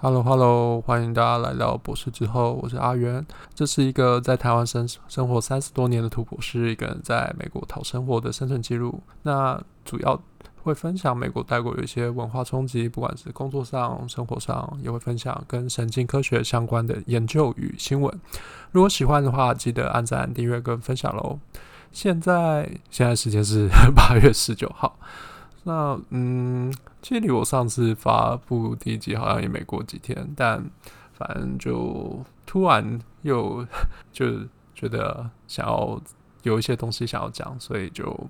Hello，Hello，hello. 歡迎大家來到博士之後，我是阿元，這是一個在台灣生生活三十多年的土博士，一個人在美國討生活的生存記錄。那主要會分享美國、待過有一些文化衝擊，不管是工作上、生活上，也會分享跟神經科學相關的研究與新聞。如果喜歡的話，記得按讚、訂閱跟分享嘍。現在，現在時間是八月十九號。那嗯，其實距離我上次發布第一集好像也沒過幾天，但反正就突然又就覺得想要有一些東西想要講，所以就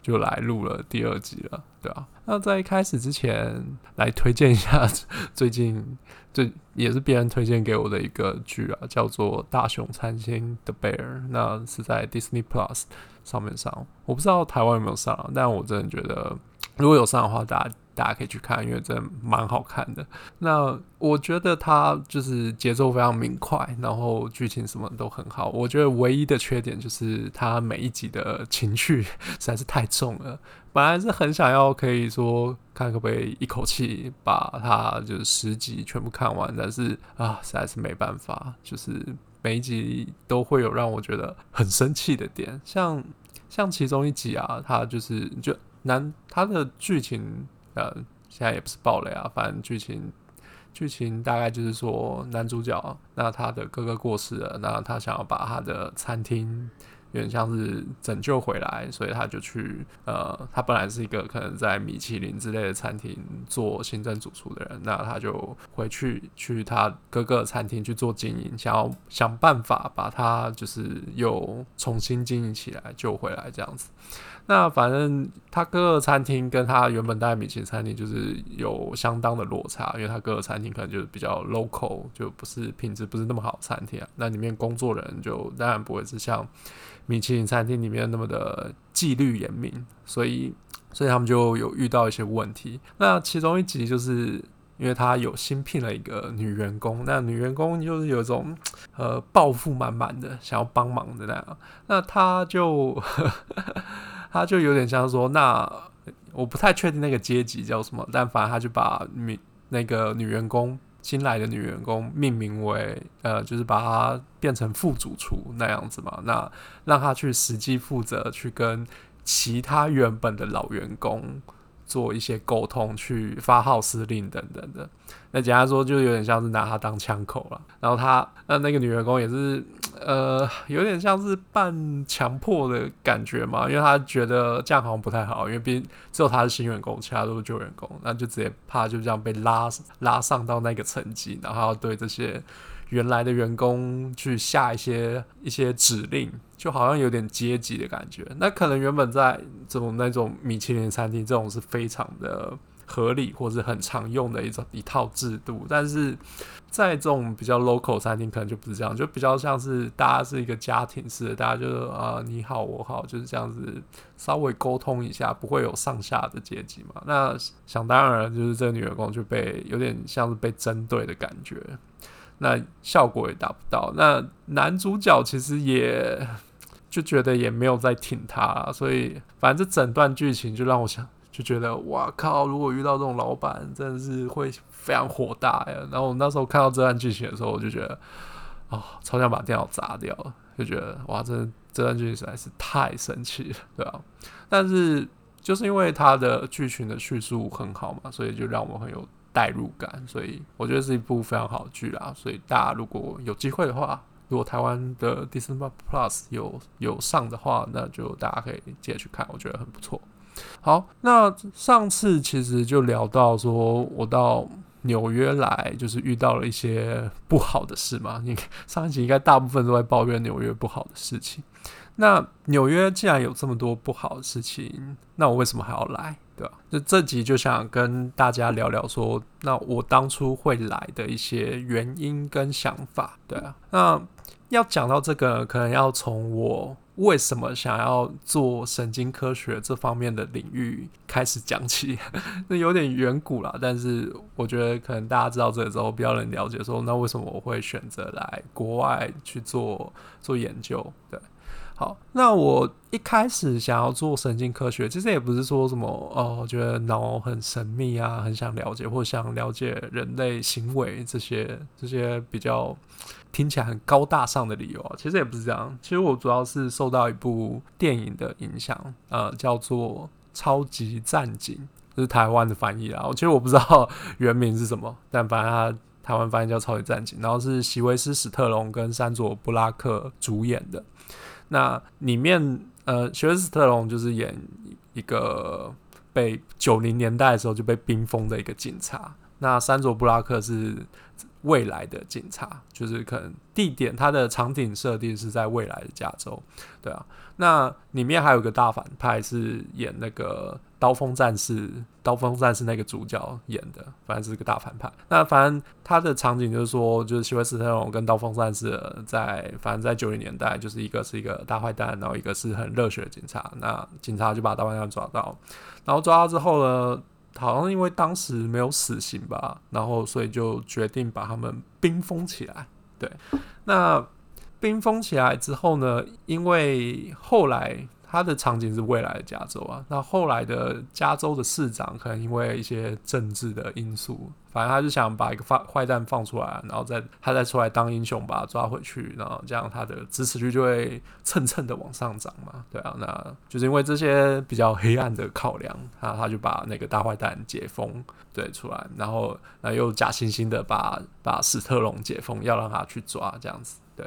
就來錄了第二集了，對吧、啊？那在一開始之前，來推薦一下最近最也是別人推薦給我的一個劇啊，叫做《大熊餐廳》《The Bear》，那是在 Disney Plus 上面上，我不知道台灣有沒有上、啊，但我真的覺得。如果有上的話，大家大家可以去看，因為真的蠻好看的。那我覺得它就是節奏非常明快，然後劇情什麼都很好。我覺得唯一的缺點就是它每一集的情緒實在是太重了。本來是很想要可以說看可不可以一口氣把它就是十集全部看完，但是啊，實在是沒辦法，就是每一集都會有讓我覺得很生氣的點。像像其中一集啊，它就是就。男，他的劇情呃，現在也不是爆雷啊，反正劇情，劇情大概就是說，男主角那他的哥哥過世了，那他想要把他的餐廳有點像是拯救回來，所以他就去呃，他本來是一個可能在米其林之類的餐廳做行政主廚的人，那他就回去去他哥哥的餐廳去做經營，想要想辦法把他就是又重新經營起來，救回來這樣子。那反正他各個餐廳跟他原本在米其林餐廳就是有相當的落差，因為他各個餐廳可能就是比較 local，就不是品質不是那麼好餐廳啊。那裡面工作人就當然不會是像米其林餐廳裡面那麼的紀律嚴明，所以所以他們就有遇到一些問題。那其中一集就是因為他有新聘了一個女員工，那女員工就是有一種呃抱負滿滿的想要幫忙的那樣，那他就。他就有點像說，那我不太確定那個階級叫什麼，但反正他就把那個女員工，新來的女員工命名為呃，就是把她變成副主廚那樣子嘛，那讓她去實際負責去跟其他原本的老員工。做一些溝通，去發號施令等等的。那簡單說，就有點像是拿他當槍口了。然後他，那那個女員工也是，呃，有點像是半強迫的感覺嘛，因為他覺得這樣好像不太好，因為畢竟只有他是新員工，其他都是舊員工，那就直接怕就這樣被拉拉上到那個層級，然後要對這些。原來的員工去下一些一些指令，就好像有點階級的感覺。那可能原本在這種那種米其林餐廳，這種是非常的合理或是很常用的一種一套制度。但是，在這種比較 local 餐廳，可能就不是這樣，就比較像是大家是一個家庭似的，大家就是、呃、你好我好，就是這樣子稍微溝通一下，不會有上下的階級嘛。那想當然就是這個女員工就被有點像是被針對的感覺。那效果也達不到，那男主角其實也就覺得也沒有在挺他，啊，所以反正這整段劇情就讓我想就覺得哇靠！如果遇到這種老闆，真的是會非常火大呀。然後我那時候看到這段劇情的時候，我就覺得啊、哦，超想把電腦砸掉，就覺得哇，這這段劇情實在是太神奇了，對吧，啊？但是就是因為他的劇情的敘述很好嘛，所以就讓我很有。代入感，所以我覺得是一部非常好的劇啊。所以大家如果有機會的話，如果台灣的 Disney Plus 有有上的話，那就大家可以接下去看，我覺得很不錯。好，那上次其實就聊到說，我到紐約來，就是遇到了一些不好的事嘛。你上一集應該大部分都在抱怨紐約不好的事情。那紐約既然有這麼多不好的事情，那我為什麼還要來？對啊，就這集就想跟大家聊聊說，那我當初會來的一些原因跟想法。對啊，那要講到這個，可能要從我為什麼想要做神經科學這方面的領域開始講起， 那有點遠古啦。但是我覺得可能大家知道這個之後，比較能了解說，那為什麼我會選擇來國外去做做研究？對。好，那我一開始想要做神經科學，其實也不是說什麼哦、呃，覺得腦很神秘啊，很想了解，或想了解人類行為這些這些比較聽起來很高大上的理由啊，其實也不是這樣。其實我主要是受到一部電影的影響，呃，叫做《超級戰警》，就是台灣的翻譯啊。我其實我不知道原名是什麼，但反正它台灣翻譯叫《超級戰警》，然後是席維斯·史特龍跟珊卓·布拉克主演的。那裡面，呃，史特龍就是演一個被九零年代的時候就被冰封的一個警察。那山卓·布拉克是未來的警察，就是可能地點，它的場景設定是在未來的加州，對啊。那裡面還有個大反派是演那個《刀鋒戰士》，《刀鋒戰士》那個主角演的，反正是一個大反派。那反正他的場景就是說，就是西威斯特龍跟《刀鋒戰士》在，反正在九零年代，就是一個是一個大壞蛋，然後一個是很熱血的警察。那警察就把刀鋒戰士抓到，然後抓到之後呢？好像因為當時沒有死刑吧，然後所以就決定把他們冰封起來。對，那冰封起來之後呢？因為後來。他的場景是未來的加州啊，那後來的加州的市長可能因為一些政治的因素，反正他就想把一個放壞蛋放出來，然後再他再出來當英雄，把他抓回去，然後這樣他的支持率就會蹭蹭的往上漲嘛，對啊，那就是因為這些比較黑暗的考量，他他就把那個大壞蛋解封，對，出來，然後那又假惺惺的把把史特龍解封，要讓他去抓，這樣子，對。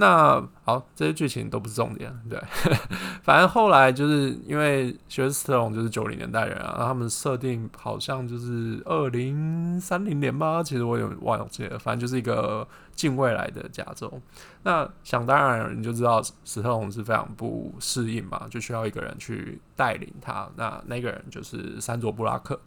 那好，這些劇情都不是重點，對，呵呵，反正後來就是因為史特龍就是九零年代人啊，他們設定好像就是二零三零年吧，其實我也忘記了，反正就是一個近未來的加州。那想當然，你就知道史特龍是非常不適應嘛，就需要一個人去帶領他。那那個人就是珊卓·布拉克。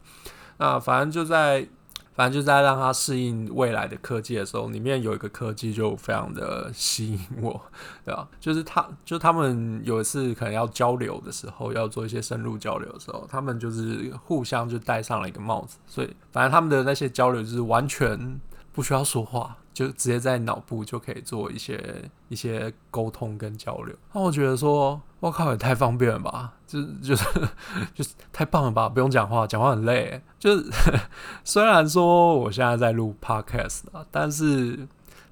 那反正就在。反正就在讓他適應未來的科技的時候，裡面有一個科技就非常的吸引我，對吧？就是他就他們有一次可能要交流的時候，要做一些深入交流的時候，他們就是互相就戴上了一個帽子，所以反正他們的那些交流就是完全不需要說話，就直接在腦部就可以做一些一些溝通跟交流。那我覺得說。我靠！也太方便了吧，就就是 就是太棒了吧！不用講話，講話很累。就是雖然說我現在在錄 podcast 啊，但是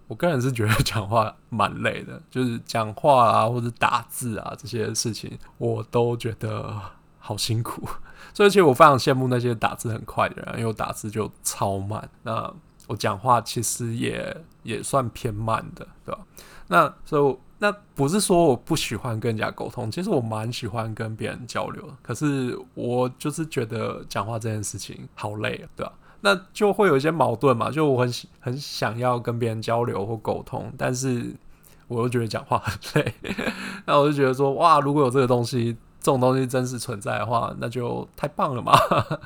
我個人是覺得講話蠻累的。就是講話啊，或者打字啊這些事情，我都覺得好辛苦。所以，其實我非常羨慕那些打字很快的人，因為我打字就超慢。那我講話其實也也算偏慢的，對吧？啊？那所以。那不是說我不喜歡跟人家溝通，其實我蠻喜歡跟別人交流，可是我就是覺得講話這件事情好累，對吧？那就會有一些矛盾嘛，就我很很想要跟別人交流或溝通，但是我又覺得講話很累， 那我就覺得說哇，如果有這個東西，這種東西真實存在的話，那就太棒了嘛，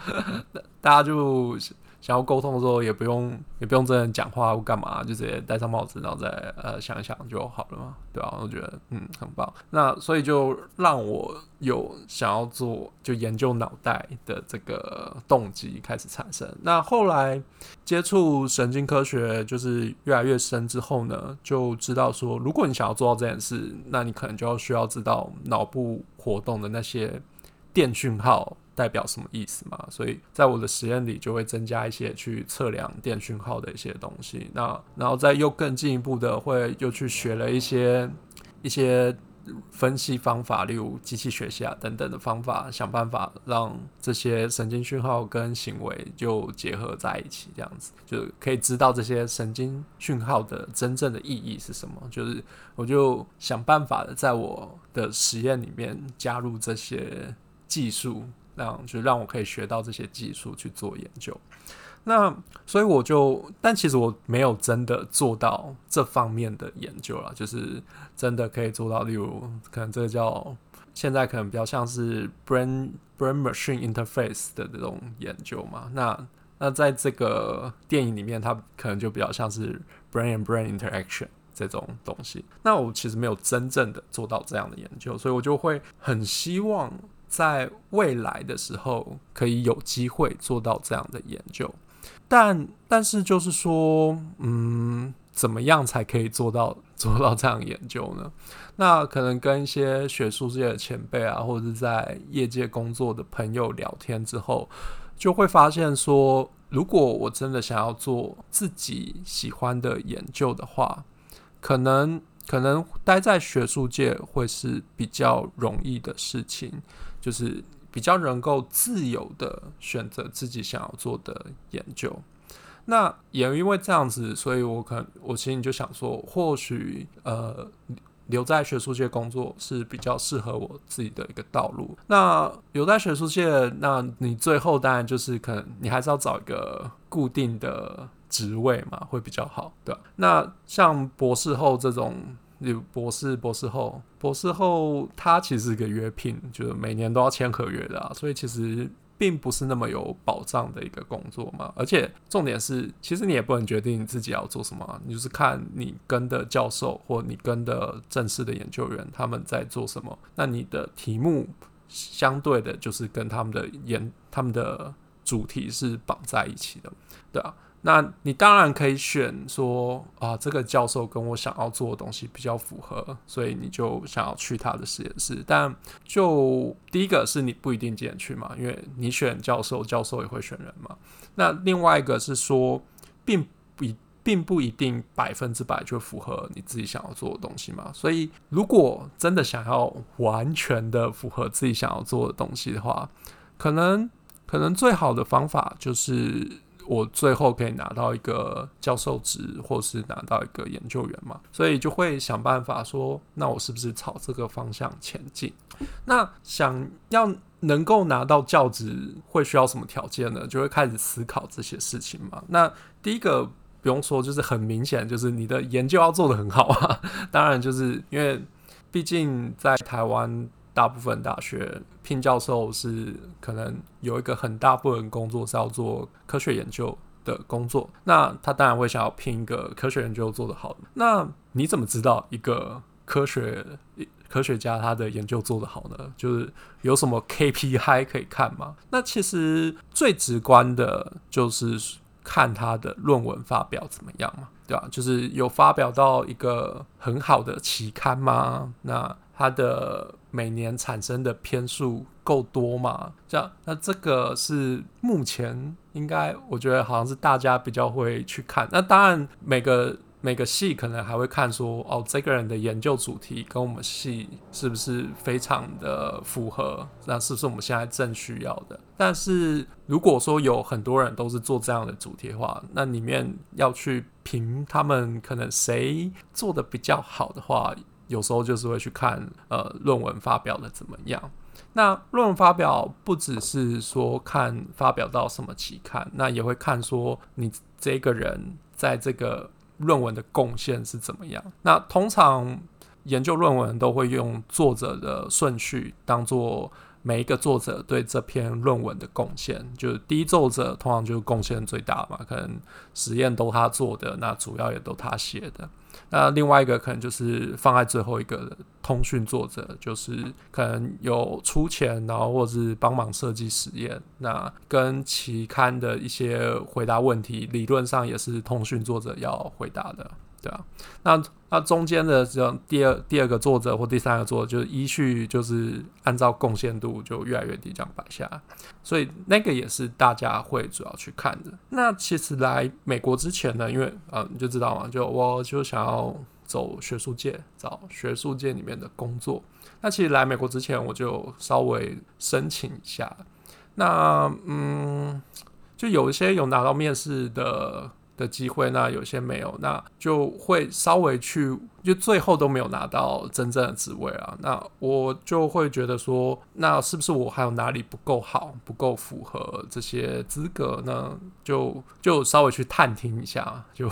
那大家就。想要溝通的時候也不用也不用真的講話或幹嘛，就直接戴上帽子，然後再呃想一想就好了嘛，對吧、啊？我覺得嗯很棒。那所以就讓我有想要做就研究腦袋的這個動機開始產生。那後來接觸神經科學就是越來越深之後呢，就知道說如果你想要做到這件事，那你可能就要需要知道腦部活動的那些電訊號。代表什麼意思嘛？所以在我的實驗裡，就會增加一些去測量電訊號的一些東西。那然後再又更進一步的，會又去學了一些一些分析方法，例如機器學習啊等等的方法，想辦法讓這些神經訊號跟行為就結合在一起，這樣子就可以知道這些神經訊號的真正的意義是什麼。就是我就想辦法在我的實驗裡面加入這些技術。那樣就讓我可以學到這些技術去做研究，那所以我就，但其實我沒有真的做到這方面的研究了，就是真的可以做到，例如可能這個叫現在可能比較像是 brain brain machine interface 的這種研究嘛，那那在這個電影裡面，它可能就比較像是 brain and brain interaction 這種東西，那我其實沒有真正的做到這樣的研究，所以我就會很希望。在未來的時候，可以有機會做到這樣的研究，但但是就是說，嗯，怎麼樣才可以做到做到這樣的研究呢？那可能跟一些學術界的前輩啊，或者是在業界工作的朋友聊天之後，就會發現說，如果我真的想要做自己喜歡的研究的話，可能可能待在學術界會是比較容易的事情。就是比較能夠自由的選擇自己想要做的研究，那也因為這樣子，所以我可能我心裡你就想說，或許呃留在學術界工作是比較適合我自己的一個道路。那留在學術界，那你最後當然就是可能你還是要找一個固定的職位嘛，會比較好，對吧？那像博士後這種。博士、博士後，博士後他其實是個約聘，就是每年都要簽合約的啊，所以其實並不是那麼有保障的一個工作嘛。而且重點是，其實你也不能決定你自己要做什麼啊，你就是看你跟的教授或你跟的正式的研究員他們在做什麼，那你的題目相對的就是跟他們的研、他們的主題是綁在一起的，對啊。那你當然可以選說啊，這個教授跟我想要做的東西比較符合，所以你就想要去他的實驗室。但就第一個是你不一定進得去嘛，因為你選教授，教授也會選人嘛。那另外一個是說，並不一並不一定百分之百就符合你自己想要做的東西嘛。所以如果真的想要完全的符合自己想要做的東西的話，可能可能最好的方法就是。我最後可以拿到一個教授職，或是拿到一個研究員嘛，所以就會想辦法說，那我是不是朝這個方向前進？那想要能夠拿到教職，會需要什麼條件呢？就會開始思考這些事情嘛。那第一個不用說，就是很明顯，就是你的研究要做得很好啊。當然，就是因為畢竟在台灣。大部分大學聘教授是可能有一個很大部分工作是要做科學研究的工作，那他當然會想要聘一個科學研究做得好的。那你怎麼知道一個科學科學家他的研究做得好呢？就是有什麼 KPI 可以看嗎？那其實最直觀的就是看他的論文發表怎麼樣嘛，對吧？就是有發表到一個很好的期刊嗎？那。他的每年產生的篇數夠多嘛？這樣，那這個是目前應該我覺得好像是大家比較會去看。那當然每個，每個每個系可能還會看說，哦，這個人的研究主題跟我們系是不是非常的符合？那是不是我們現在正需要的？但是如果說有很多人都是做這樣的主題的話，那裡面要去評他們可能誰做的比較好的話。有時候就是會去看呃論文發表的怎麼樣。那論文發表不只是說看發表到什麼期刊，那也會看說你這個人在這個論文的貢獻是怎麼樣。那通常研究論文都會用作者的順序當作每一個作者對這篇論文的貢獻，就是第一作者通常就是貢獻最大嘛，可能實驗都他做的，那主要也都他寫的。那另外一個可能就是放在最後一個通訊作者，就是可能有出錢，然後或是幫忙設計實驗。那跟期刊的一些回答問題，理論上也是通訊作者要回答的。對啊，那那中間的這樣第二第二個作者或第三個作者，就是依序就是按照貢獻度就越來越低這樣擺下，所以那個也是大家會主要去看的。那其實來美國之前呢，因為啊，嗯，你就知道嘛，就我就想要走學術界，找學術界裡面的工作。那其實來美國之前，我就稍微申請一下，那嗯，就有一些有拿到面試的的機會，那有些沒有，那就會稍微去，就最後都沒有拿到真正的職位啊。那我就會覺得說，那是不是我還有哪裡不夠好，不夠符合這些資格呢？就就稍微去探聽一下，就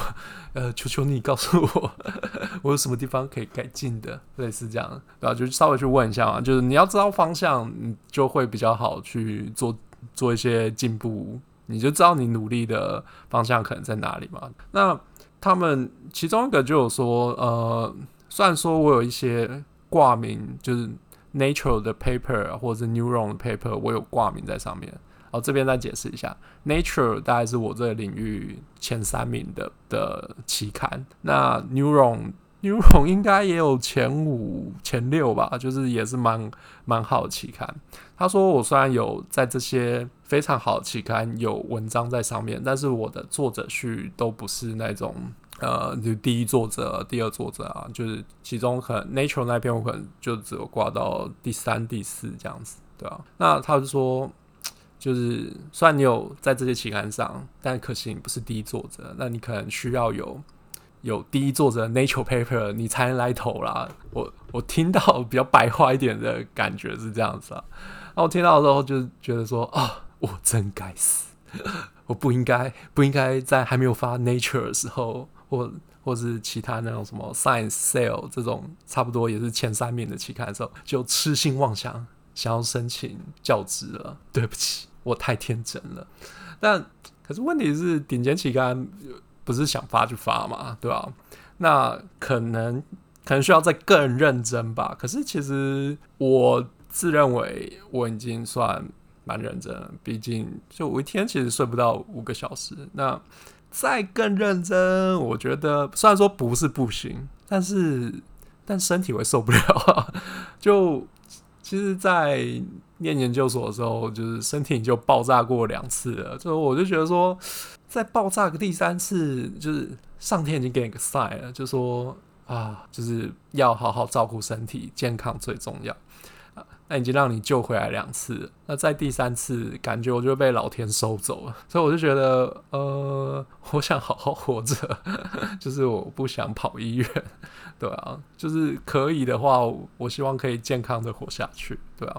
呃，求求你告訴我， 我有什麼地方可以改進的，類似這樣，對吧？就稍微去問一下嘛，就是你要知道方向，你就會比較好去做做一些進步。你就知道你努力的方向可能在哪裡嘛。那他們其中一個就有說，呃，雖然說我有一些掛名，就是 Nature 的 paper 或者是 Neuron 的 paper，我有掛名在上面。好，這邊再解釋一下，Nature 大概是我這個領域前三名的的期刊，那 Neuron。牛棚 應該也有前五、前六吧，就是也是蠻蠻好的期刊。他說，我雖然有在這些非常好的期刊有文章在上面，但是我的作者序都不是那種呃，就第一作者、第二作者啊，就是其中可能 Nature 那篇我可能就只有掛到第三、第四這樣子，對啊。那他就說，就是雖然你有在這些期刊上，但可惜你不是第一作者，那你可能需要有。有第一作者 Nature paper，你才能來投啦。我我聽到比較白話一點的感覺是這樣子啊。然後、啊、我聽到的時候，就覺得說啊、哦，我真該死， 我不應該，不應該在還沒有發 Nature 的時候，或或是其他那種什麼 Science、Cell 這種差不多也是前三名的期刊的時候，就痴心妄想想要申請教職了。對不起，我太天真了。但可是問題是，頂尖期刊不是想發就發嘛，對吧、啊？那可能可能需要再更認真吧。可是其實我自認為我已經算蠻認真，畢竟就我一天其實睡不到五個小時。那再更認真，我覺得雖然說不是不行，但是但身體會受不了。 就其實，在念研究所的時候，就是身體就爆炸過兩次了。就我就覺得說。在爆炸的第三次，就是上天已經給你個 sign 了，就說啊，就是要好好照顧身體，健康最重要。啊、那已經讓你救回來兩次，那在第三次，感覺我就被老天收走了。所以我就覺得，呃，我想好好活着，就是我不想跑醫院，對吧、啊？就是可以的話，我希望可以健康的活下去，對吧、啊？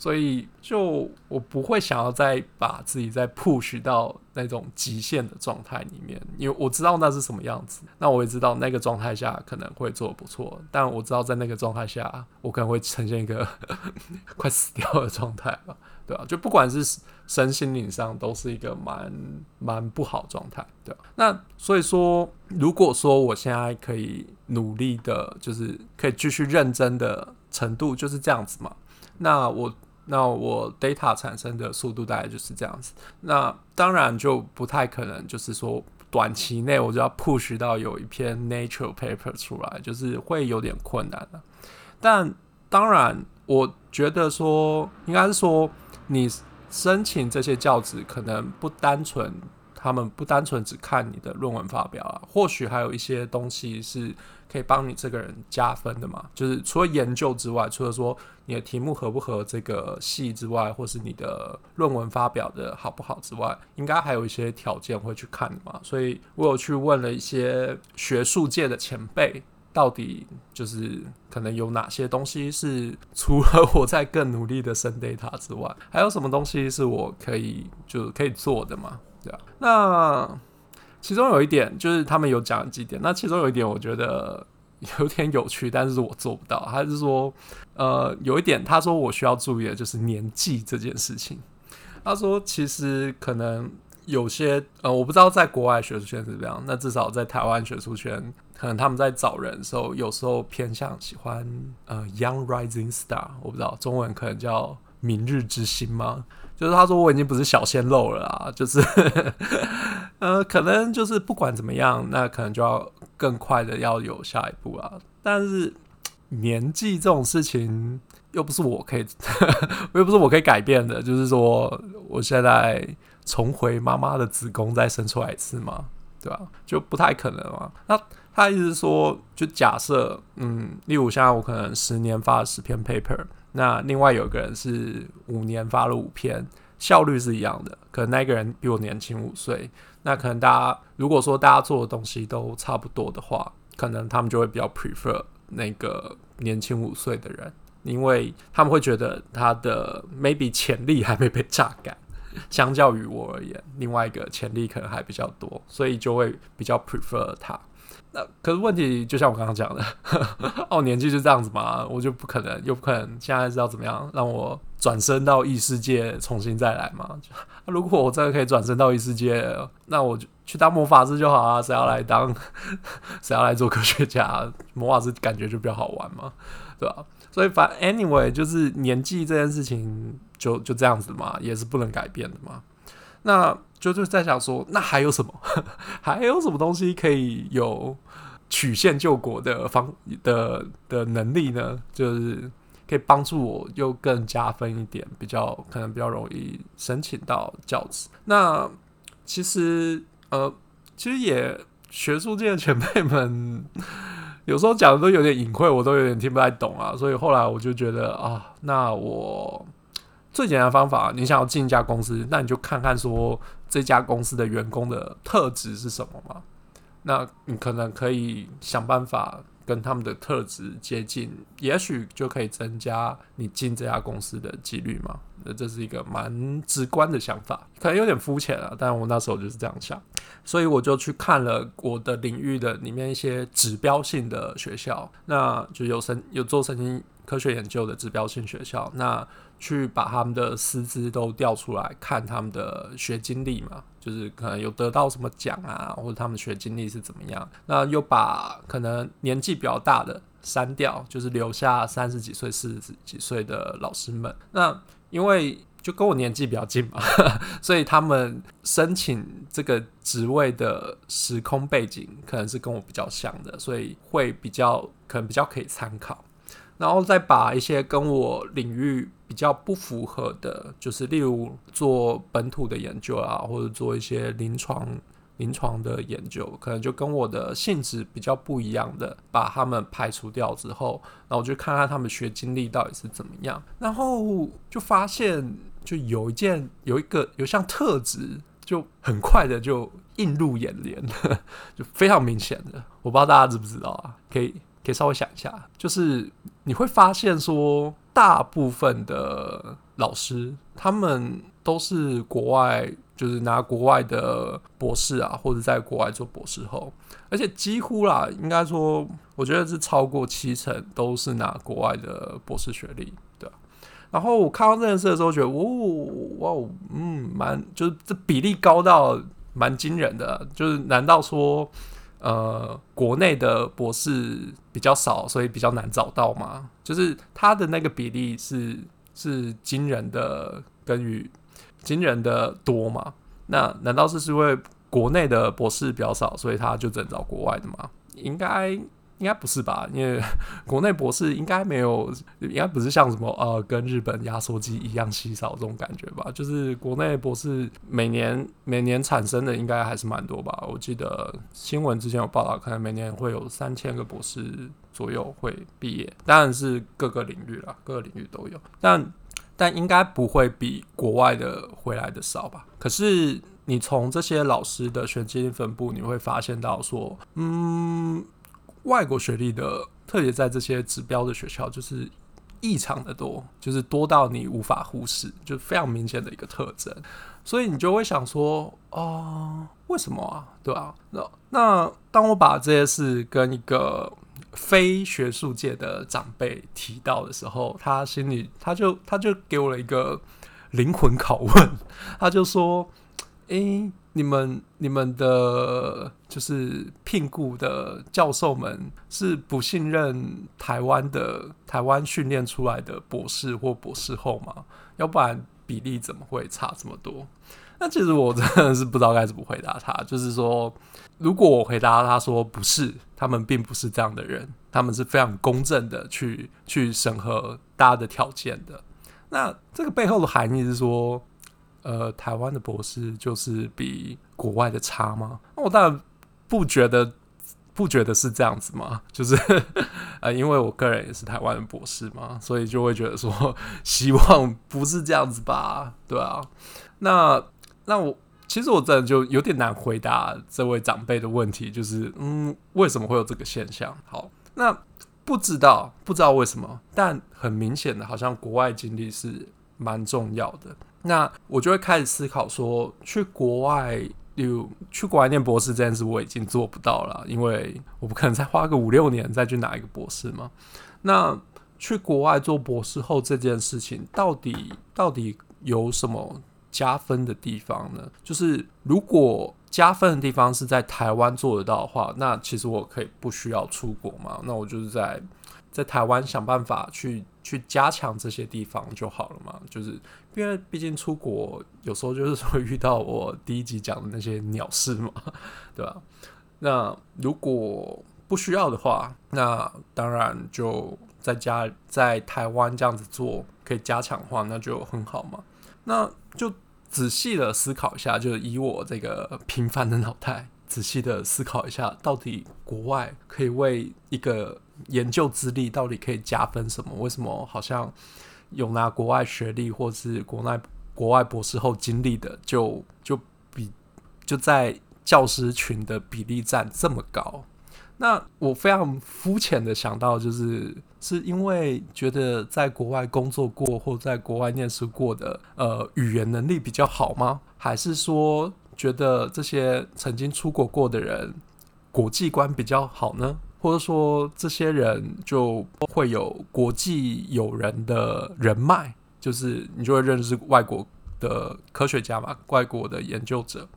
所以就我不會想要再把自己再 push 到那種極限的狀態裡面，因為我知道那是什麼樣子。那我也知道那個狀態下可能會做得不錯，但我知道在那個狀態下，我可能會呈現一個快死掉的狀態吧，對吧、啊？就不管是身心靈上，都是一個蠻蠻不好的狀態。對、啊，那所以說，如果說我現在可以努力的，就是可以繼續認真的程度，就是這樣子嘛。那我。那我 data 產生的速度大概就是這樣子。那當然就不太可能，就是說短期內我就要 push 到有一篇 Nature paper 出來，就是會有點困難了啊。但當然，我覺得說，應該是說，你申請這些教職，可能不單純，他們不單純只看你的論文發表啊，或許還有一些東西是。可以幫你這個人加分的嘛，就是除了研究之外，除了說你的題目合不合這個系之外，或是你的論文發表的好不好之外，應該還有一些條件會去看的嘛。所以我有去問了一些學術界的前輩，到底就是可能有哪些東西是除了我在更努力的生 data 之外，還有什麼東西是我可以就可以做的嘛，對吧？啊？那其中有一點就是他們有講幾點，那其中有一點我覺得有點有趣，但是我做不到。他是說，呃，有一點他說我需要注意的就是年紀這件事情。他說，其實可能有些，呃，我不知道在國外學術圈是怎樣，那至少在台灣學術圈，可能他們在找人的時候，有時候偏向喜歡，呃，young rising star，我不知道中文可能叫明日之星嗎？就是他說我已經不是小鮮肉了啊，就是， 呃，可能就是不管怎麼樣，那可能就要更快的要有下一步啊。但是年紀這種事情又不是我可以， 又不是我可以改變的。就是說，我現在重回媽媽的子宮再生出來一次嘛，對吧？就不太可能啊。那他意思是說，就假設，嗯，例如像我可能十年發了十篇 paper。那另外有一個人是五年發了五篇，效率是一樣的，可能那個人比我年輕五歲。那可能大家如果說大家做的東西都差不多的話，可能他們就會比較 prefer 那個年輕五歲的人，因為他們會覺得他的 maybe 潛力還沒被榨乾，相較於我而言，另外一個潛力可能還比較多，所以就會比較 prefer 他。那、啊、可是問題，就像我剛剛講的呵呵，哦，年紀就這樣子嘛，我就不可能，又不可能現在知道怎麼樣讓我轉生到異世界重新再來嘛、啊。如果我真的可以轉生到異世界，那我就去當魔法師就好啊。誰要來當，誰要來做科學家，魔法師感覺就比較好玩嘛，對吧、啊？所以反 anyway，就是年紀這件事情就就這樣子嘛，也是不能改變的嘛。那。就就在想說，那還有什麼，呵呵還有什麼東西可以有曲線救國的方的的能力呢？就是可以幫助我又更加分一點，比較可能比較容易申請到教職。那其實呃，其實也學術界的前輩們有時候講的都有點隱晦，我都有點聽不太懂啊。所以後來我就覺得啊，那我。最簡單的方法，你想要進一家公司，那你就看看說這家公司的員工的特質是什麼嘛。那你可能可以想辦法跟他們的特質接近，也許就可以增加你進這家公司的幾率嘛。那這是一個蠻直觀的想法，可能有點膚淺啊，但我那時候就是這樣想，所以我就去看了我的領域的裡面一些指標性的學校，那就有神有做神經科學研究的指標性學校那。去把他們的師資都調出來，看他們的學經歷嘛，就是可能有得到什麼獎啊，或者他們學經歷是怎麼樣。那又把可能年紀比較大的刪掉，就是留下三十幾歲、四十幾歲的老師們。那因為就跟我年紀比較近嘛， 所以他們申請這個職位的時空背景可能是跟我比較像的，所以會比較可能比較可以參考。然後再把一些跟我領域比較不符合的，就是例如做本土的研究啊，或者做一些臨床臨床的研究，可能就跟我的性質比較不一樣的，把他們排除掉之後，那我就看看他們學經歷到底是怎麼樣，然後就發現就有一件有一個有項特質，就很快的就映入眼簾，呵呵，就非常明顯的，我不知道大家知不知道啊，可以。可以稍微想一下，就是你會發現說，大部分的老師他們都是國外，就是拿國外的博士啊，或者在國外做博士後，而且幾乎啦，應該說，我覺得是超過七成都是拿國外的博士學歷對吧？然後我看到這件事的時候，覺得哦哇哦，嗯，蠻就是這比例高到蠻驚人的，就是難道說？呃，國內的博士比較少，所以比較難找到嘛。就是他的那個比例是是驚人的，跟於驚人的多嘛。那難道是因為國內的博士比較少，所以他就只能找國外的嗎？應該。應該不是吧？因為國內博士應該沒有，應該不是像什麼呃，跟日本壓縮機一樣稀少這種感覺吧？就是國內博士每年每年產生的應該還是蠻多吧？我記得新聞之前有報道，可能每年會有三千個博士左右會畢業。當然是各個領域啦，各個領域都有，但但應該不會比國外的回來的少吧？可是你從這些老師的選基因分布，你會發現到說，嗯。外國學歷的，特別在這些指標的學校，就是異常的多，就是多到你無法忽視，就非常明顯的一個特徵。所以你就會想說，哦、呃，為什麼啊？對吧、啊？那那當我把這些事跟一個非學術界的長輩提到的時候，他心裡他就他就給我了一個靈魂拷問，他就說，誒、欸……’你們、你們的，就是聘僱的教授們，是不信任台灣的台灣訓練出來的博士或博士後嗎？要不然比例怎麼會差這麼多？那其實我真的是不知道該怎麼回答他。就是說，如果我回答他說不是，他們並不是這樣的人，他們是非常公正的去去審核大家的條件的。那這個背後的含義是說。呃，台灣的博士就是比國外的差嗎？那我當然不覺得，不覺得是這樣子嘛。就是呵呵呃，因為我個人也是台灣的博士嘛，所以就會覺得說，希望不是這樣子吧？對啊，那那我其實我真的就有點難回答這位長輩的問題，就是嗯，為什麼會有這個現象？好，那不知道不知道為什麼，但很明顯的好像國外經歷是蠻重要的。那我就會開始思考說，去國外，有去國外念博士這件事我已經做不到了，因為我不可能再花個五六年再去拿一個博士嘛。那去國外做博士後這件事情，到底到底有什麼加分的地方呢？就是如果加分的地方是在台灣做得到的話，那其實我可以不需要出國嘛。那我就是在在台灣想辦法去去加強這些地方就好了嘛，就是。因為畢竟出國有時候就是說，遇到我第一集講的那些鳥事嘛，對吧？那如果不需要的話，那當然就在家，在台灣這樣子做可以加強的話，那就很好嘛。那就仔細的思考一下，就是以我這個平凡的腦袋仔細的思考一下，到底國外可以為一個研究資歷到底可以加分什麼？為什麼好像？有拿國外學歷或是國內國外博士後經歷的，就就比就在教師群的比例占這麼高。那我非常膚淺的想到，就是是因為覺得在國外工作過或在國外念書過的，呃，語言能力比較好嗎？還是說覺得這些曾經出國過的人國際觀比較好呢？或者說，這些人就會有國際友人的人脈，就是你就會認識外國的科學家嘛，外國的研究者，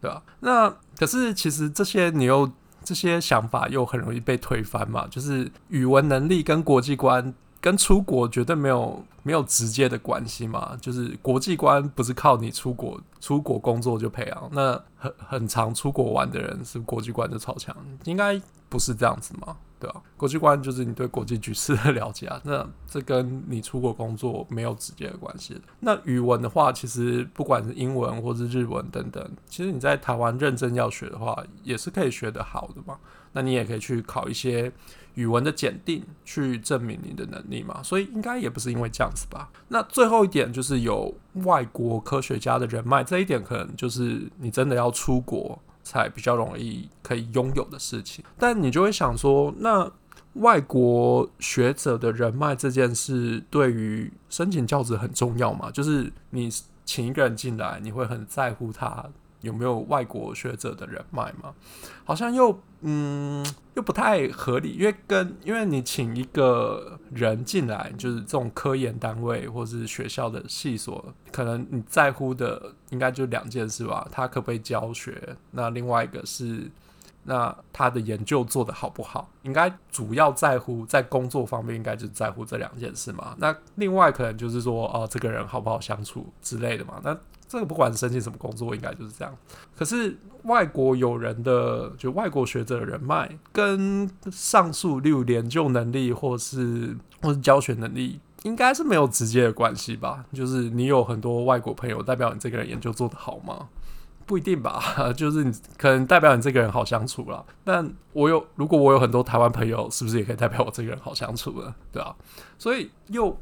對吧？那，可是其實這些你又，這些想法又很容易被推翻嘛，就是語文能力跟國際觀。跟出國絕對沒有沒有直接的關係嘛，就是國際觀不是靠你出國出國工作就培養，那很很常出國玩的人是，是國際觀就超強，應該不是這樣子嘛，對吧、啊？國際觀就是你對國際局勢的了解啊，那這跟你出國工作沒有直接的關係。那語文的話，其實不管是英文或是日文等等，其實你在台灣認真要學的話，也是可以學得好的嘛。那你也可以去考一些。語文的檢定去證明你的能力嘛，所以應該也不是因為這樣子吧。那最後一點就是有外國科學家的人脈，這一點可能就是你真的要出國才比較容易可以擁有的事情。但你就會想說，那外國學者的人脈這件事對於申請教職很重要嗎？就是你請一個人進來，你會很在乎他。有沒有外國學者的人脈嗎？好像又嗯，又不太合理，因為跟，因為你請一個人進來，就是這種科研單位或是學校的系所，可能你在乎的應該就兩件事吧，他可不可以教學？那另外一個是。那他的研究做得好不好，應該主要在乎在工作方面，應該就在乎這兩件事嘛。那另外可能就是說，哦、呃，這個人好不好相處之類的嘛。那這個不管申請什麼工作，應該就是這樣。可是外國友人的，就外國學者的人脈，跟上述六研究能力，或是或是教學能力，應該是沒有直接的關係吧？就是你有很多外國朋友，代表你這個人研究做得好嗎？不一定吧，就是你可能代表你這個人好相處了。但我有，如果我有很多台灣朋友，是不是也可以代表我這個人好相處了？對啊，所以又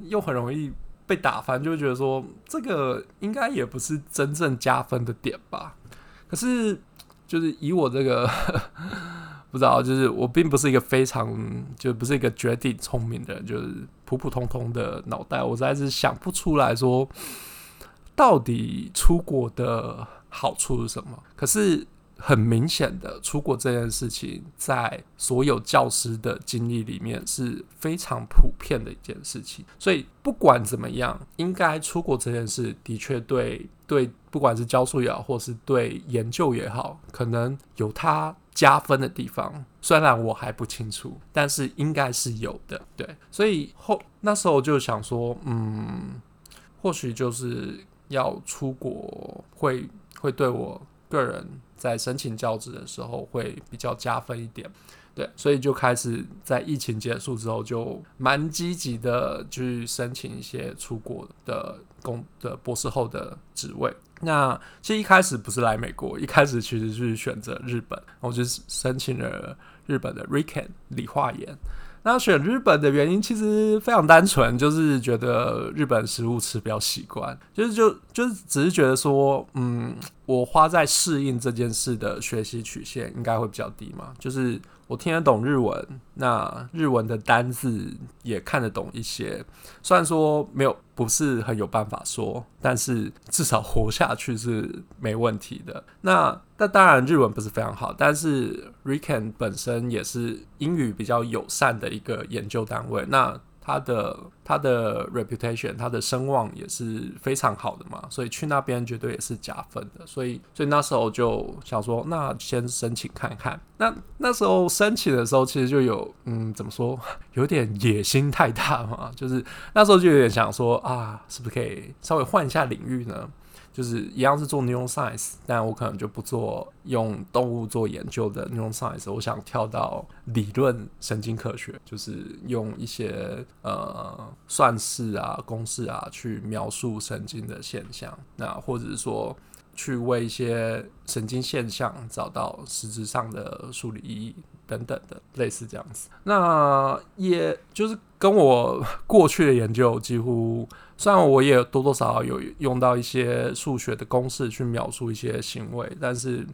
又很容易被打翻，就會覺得說，這個應該也不是真正加分的點吧。可是就是以我這個不知道，就是我並不是一個非常就不是一個絕頂聰明的人，就是普普通通的腦袋，我實在是想不出來說到底出國的。好處是什麼？可是很明顯的，出國這件事情在所有教師的經歷裡面是非常普遍的一件事情。所以不管怎麼樣，應該出國這件事的確對對，對不管是教書也好，或是對研究也好，可能有它加分的地方。雖然我還不清楚，但是應該是有的。對，所以後那時候就想說，嗯，或許就是要出國會會對我個人在申請教職的時候會比較加分一點，對，所以就開始在疫情結束之後就蠻積極的去申請一些出國的工、的博士後的職位。那其實一開始不是來美國，一開始其實是選擇日本，我就申請了日本的 RIKEN 理化研。那選日本的原因其實非常單純，就是覺得日本食物吃比較習慣，就是就就只是覺得說，嗯，我花在適應這件事的學習曲線應該會比較低嘛，就是。我聽得懂日文，那日文的單字也看得懂一些，雖然說沒有，不是很有辦法說，但是至少活下去是沒問題的。那那當然日文不是非常好，但是 RIKEN 本身也是英語比較友善的一個研究單位。那他的他的 reputation，他的聲望也是非常好的嘛，所以去那邊絕對也是加分的。所以所以那時候就想說，那先申請看看。那那時候申請的時候，其實就有嗯，怎麼說，有點野心太大嘛，就是那時候就有點想說啊，是不是可以稍微換一下領域呢？就是一樣是做 neuroscience，但我可能就不做用動物做研究的 neuroscience，我想跳到理論神經科學，就是用一些呃算式啊、公式啊去描述神經的現象，那或者是說去為一些神經現象找到實質上的數理意義等等的，類似這樣子。那也就是跟我 過去的研究幾乎。雖然我也多多少少有用到一些數學的公式去描述一些行為，但是。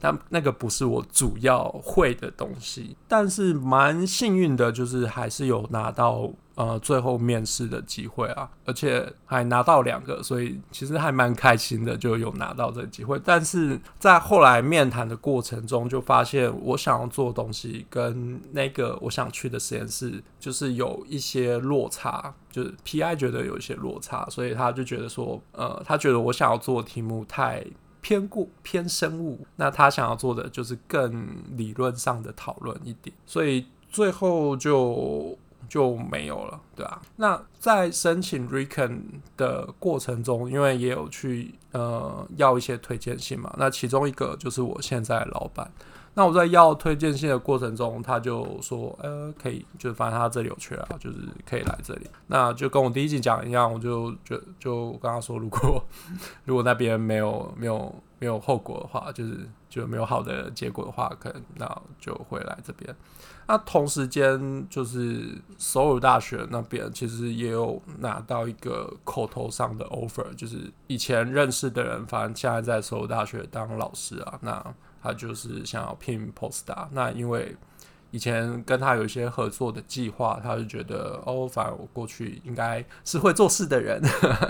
但那個不是我主要會的東西，但是蠻幸運的，就是還是有拿到呃最後面試的機會啊，而且還拿到兩個，所以其實還蠻開心的，就有拿到這個機會。但是在後來面談的過程中，就發現我想要做的東西跟那個我想去的實驗室就是有一些落差，就是 PI 覺得有一些落差，所以他就覺得說，呃，他覺得我想要做的題目太。偏固偏生物，那他想要做的就是更理論上的討論一點，所以最後就就沒有了，對吧、啊？那在申請 Recon 的過程中，因為也有去呃要一些推薦信嘛，那其中一個就是我現在的老闆。那我在要推薦信的過程中，他就說：“呃，可以，就是反正他這裡有缺啊，就是可以來這裡。”那就跟我第一集講一樣，我就就就跟他說如：“如果如果那邊沒有沒有沒有後果的話，就是就沒有好的結果的話，可能那就會來這邊。”那同時間，就是首爾大學那邊其實也有拿到一個口頭上的 offer，就是以前認識的人，反正現在在首爾大學當老師啊，那。他就是想要聘 poster，那因為以前跟他有一些合作的計劃，他就覺得哦，反正我過去應該是會做事的人，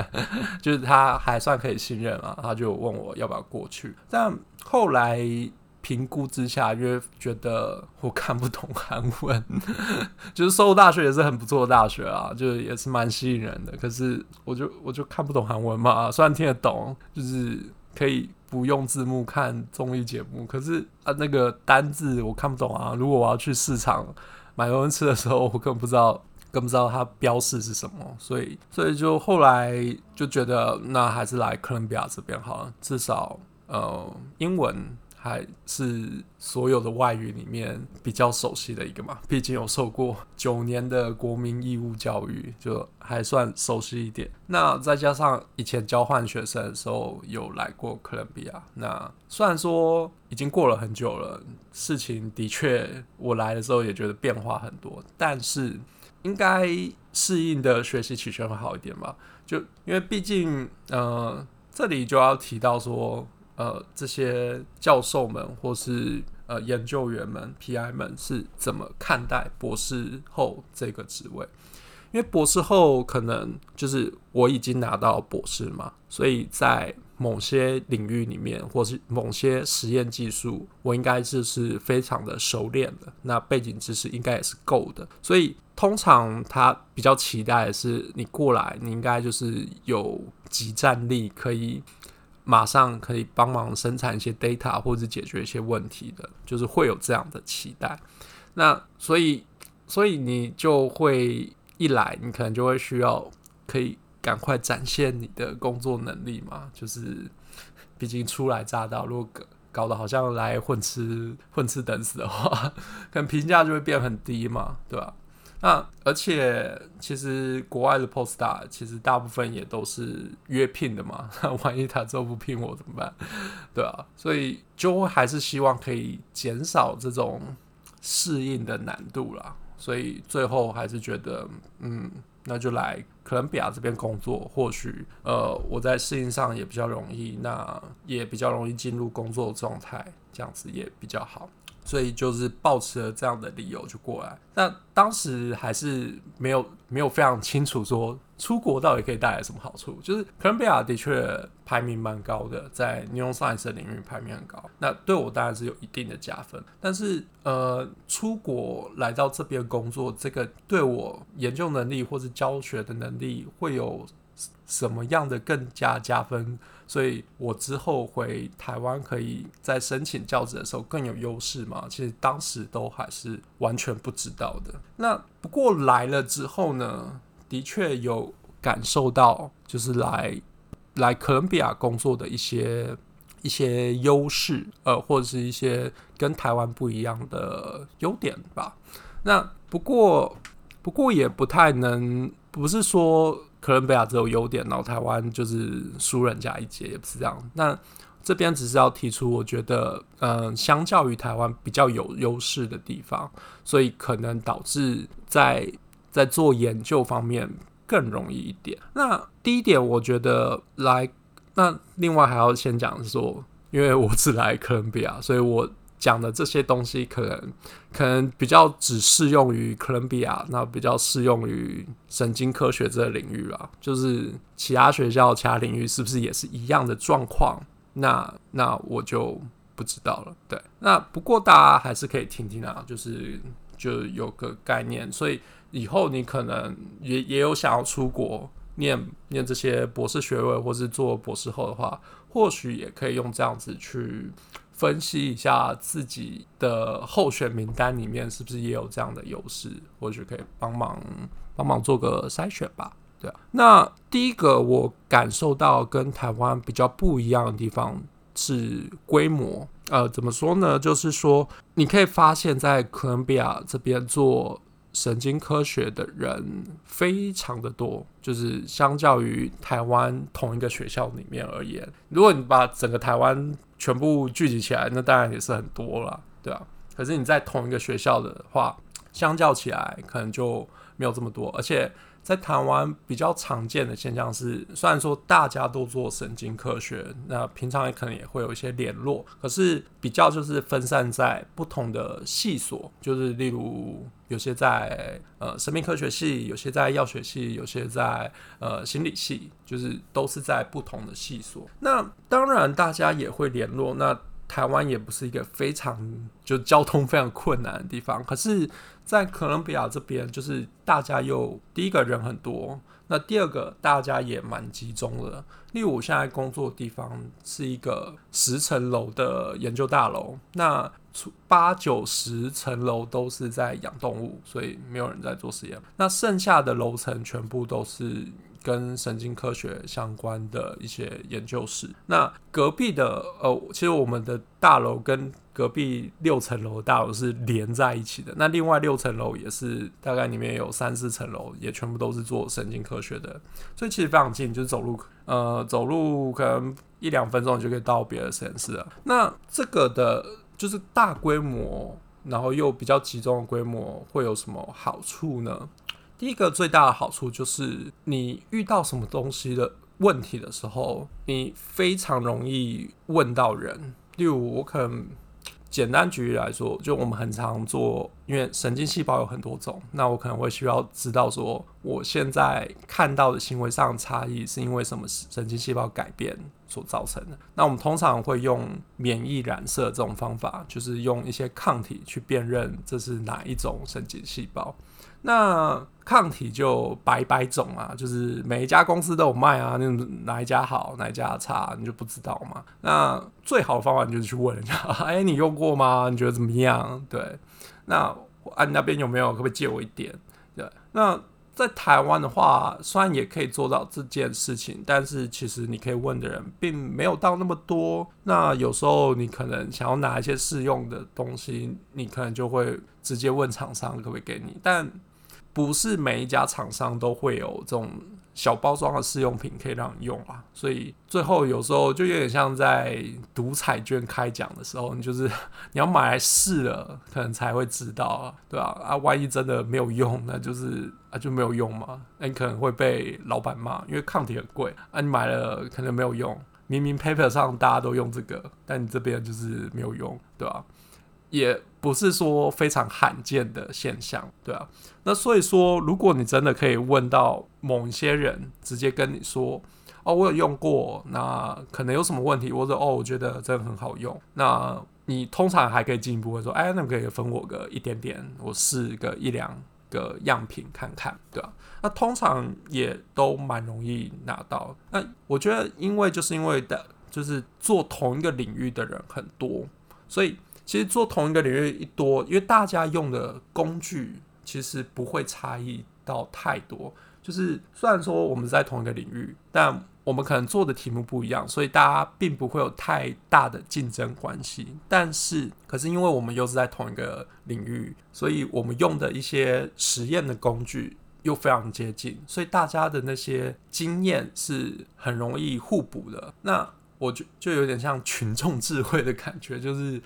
就是他還算可以信任啊，他就問我要不要過去，但後來評估之下，因為覺得我看不懂韓文， 就是首爾大學也是很不錯的大學啊，就是也是蠻吸引人的。可是我就我就看不懂韓文嘛，雖然聽得懂，就是可以。不用字幕看綜藝節目，可是啊，那個單字我看不懂啊。如果我要去市場買東西吃的時候，我根本不知道，根本不知道它標示是什麼，所以，所以就後來就覺得，那還是來哥倫比亞這邊好了，至少呃，英文。還是所有的外語裡面比較熟悉的一個嘛，畢竟有受過九年的國民義務教育，就還算熟悉一點。那再加上以前交換學生的時候有來過哥倫比亞，那雖然說已經過了很久了，事情的確我來的時候也覺得變化很多，但是應該適應的學習曲線會好一點吧？就因為畢竟呃，這裡就要提到說。呃，這些教授們或是呃研究員們、PI 們是怎麼看待博士後這個職位？因為博士後可能就是我已經拿到博士嘛，所以在某些領域裡面或是某些實驗技術，我應該就是非常的熟練的，那背景知識應該也是夠的。所以通常他比較期待的是你過來，你應該就是有即戰力可以。馬上可以幫忙生產一些 data 或者解決一些問題的，就是會有這樣的期待。那所以，所以你就會一來，你可能就會需要可以趕快展現你的工作能力嘛。就是畢竟初來乍到，如果搞得好像來混吃混吃等死的話，可能評價就會變很低嘛，對吧，啊？那、啊、而且其實國外的 postdoc，其實大部分也都是約聘的嘛。那萬一他就不聘我怎麼辦？ 對啊，所以就還是希望可以減少這種適應的難度啦。所以最後還是覺得，嗯，那就來哥倫比亞這邊工作，或許呃我在適應上也比較容易，那也比較容易進入工作狀態，這樣子也比較好。所以就是抱持了這樣的理由就過來，那當時還是沒有沒有非常清楚說出國到底可以帶來什麼好處，就是哥倫比亞的確排名蠻高的，在 neuroscience 領域排名很高，那對我當然是有一定的加分。但是呃，出國來到這邊工作，這個對我研究能力或是教學的能力會有什麼樣的更加加分？所以我之後回台灣，可以在申請教職的時候更有優勢嘛？其實當時都還是完全不知道的。那不過，來了之後呢，的確有感受到，就是來來哥倫比亞工作的一些一些優勢，呃，或者是一些跟台灣不一樣的優點吧。那不過不過也不太能，不是說。哥倫比亞只有優點，然後台灣就是輸人家一截，也不是這樣。那這邊只是要提出，我覺得，嗯、呃，相較於台灣比較有優勢的地方，所以可能導致在在做研究方面更容易一點。那第一點，我覺得來，那另外還要先講說，因為我只來哥倫比亞，所以我。講的這些東西可能可能比較只適用於哥倫比亞，那比較適用於神經科學這個領域啦，就是其他學校其他領域是不是也是一樣的狀況？那那我就不知道了。對，那不過大家還是可以聽聽啊，就是就有個概念。所以以後你可能也也有想要出國念念這些博士學位，或是做博士後的話，或許也可以用這樣子去分析一下自己的候選名單裡面是不是也有這樣的優勢，或許可以幫忙幫忙做個篩選吧。對啊，那第一個我感受到跟台灣比較不一樣的地方是規模。呃，怎麼說呢？就是說，你可以發現在哥倫比亞這邊做神經科學的人非常的多，就是相較於台灣同一個學校裡面而言，如果你把整個台灣。全部聚集起來，那當然也是很多了，對吧？可是你在同一個學校的話，相較起來，可能就沒有這麼多，而且。在台灣比較常見的現象是，雖然說大家都做神經科學，那平常也可能也會有一些聯絡，可是比較就是分散在不同的系所，就是例如有些在呃生命科學系，有些在藥學系，有些在呃心理系，就是都是在不同的系所。那當然大家也會聯絡，那。台灣也不是一個非常就交通非常困難的地方，可是，在哥倫比亞這邊，就是大家又第一個人很多，那第二個大家也蠻集中的。例如，我現在工作的地方是一個十層樓的研究大樓，那八九十層樓都是在養動物，所以沒有人在做實驗。那剩下的樓層全部都是。跟神經科學相關的一些研究室。那隔壁的呃，其實我們的大樓跟隔壁六層樓的大樓是連在一起的，那另外六層樓也是大概裡面有三四層樓，也全部都是做神經科學的，所以其實非常近，就是走路呃，走路可能一兩分鐘就可以到別的實驗室了。那這個的就是大規模，然後又比較集中的規模，會有什麼好處呢？第一個最大的好處就是，你遇到什麼東西的問題的時候，你非常容易問到人。例如，我可能簡單舉例來說，就我們很常做，因為神經細胞有很多種，那我可能會需要知道說，我現在看到的行為上的差異是因為什麼神經細胞改變所造成的。那我們通常會用免疫染色這種方法，就是用一些抗體去辨認這是哪一種神經細胞。那抗體就百百種啊，就是每一家公司都有賣啊。那種哪一家好，哪一家差，你就不知道嘛。那最好的方法就是去問人家：哎，你用過嗎？你覺得怎麼樣？對，那你、啊、那邊有沒有？可不可以借我一點？對，那。在台灣的話，雖然也可以做到這件事情，但是其實你可以問的人並沒有到那麼多。那有時候你可能想要拿一些試用的東西，你可能就會直接問廠商可不可以給你，但不是每一家廠商都會有這種。小包裝的試用品可以讓你用啊，所以最後有時候就有點像在賭彩券開獎的時候，你就是你要買來試了，可能才會知道啊，對啊，啊，萬一真的沒有用，那就是啊就沒有用嘛、欸，你可能會被老板罵，因為抗體很貴啊，你買了可能沒有用，明明 paper 上大家都用這個，但你這邊就是沒有用，對吧、啊？也。不是說非常罕見的現象，對啊。那所以說，如果你真的可以問到某一些人，直接跟你說，哦，我有用過，那可能有什麼問題，或者哦，我覺得真的很好用，那你通常還可以進一步說，哎，那你可以分我個一點點，我試個一兩個樣品看看，對啊。那通常也都蠻容易拿到。那我覺得，因為就是因為的就是做同一個領域的人很多，所以。其實做同一個領域一多，因為大家用的工具其實不會差異到太多。就是雖然說我們是在同一個領域，但我們可能做的題目不一樣，所以大家並不會有太大的競爭關係。但是，可是因為我們又是在同一個領域，所以我們用的一些實驗的工具又非常接近，所以大家的那些經驗是很容易互補的。那我就就有點像群眾智慧的感覺，就是。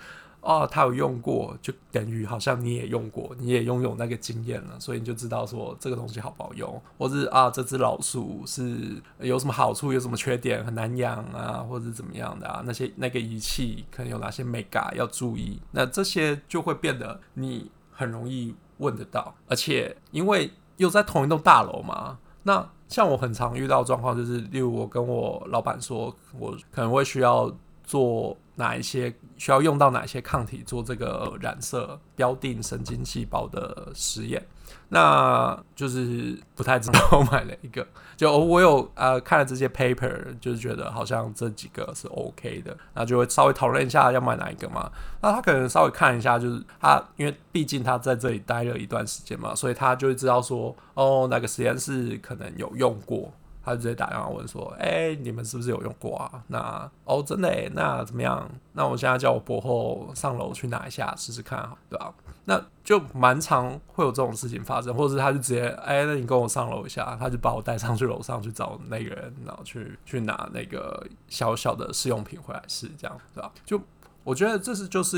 哦，他有用過，就等於好像你也用過，你也擁有那個經驗了，所以你就知道說這個東西好不好用，或是啊，這隻老鼠是有什麼好處，有什麼缺點，很難養啊，或者是怎麼樣的啊？那些那個儀器可能有哪些眉角要注意，那這些就會變得你很容易問得到，而且因為又在同一棟大樓嘛，那像我很常遇到的狀況就是，例如我跟我老闆說我可能會需要做。哪一些需要用到哪一些抗體做這個染色標定神經細胞的實驗？那就是不太知道買哪一個。就我有呃看了這些 paper，就是覺得好像這幾個是 OK 的，那就會稍微討論一下要買哪一個嘛。那他可能稍微看一下，就是他因為畢竟他在這裡待了一段時間嘛，所以他就會知道說，哦、哪、那個實驗室可能有用過。他就直接打電話問說：“哎、欸，你們是不是有用過啊？那哦，真的、欸，那怎麼樣？那我現在叫我博後上樓去拿一下試試看，對吧、啊？那就蠻常會有這種事情發生，或者是他就直接哎、欸，那你跟我上樓一下，他就把我帶上去樓上去找那個人，然後去去拿那個小小的試用品回來試，這樣對吧、啊？就我覺得這是就是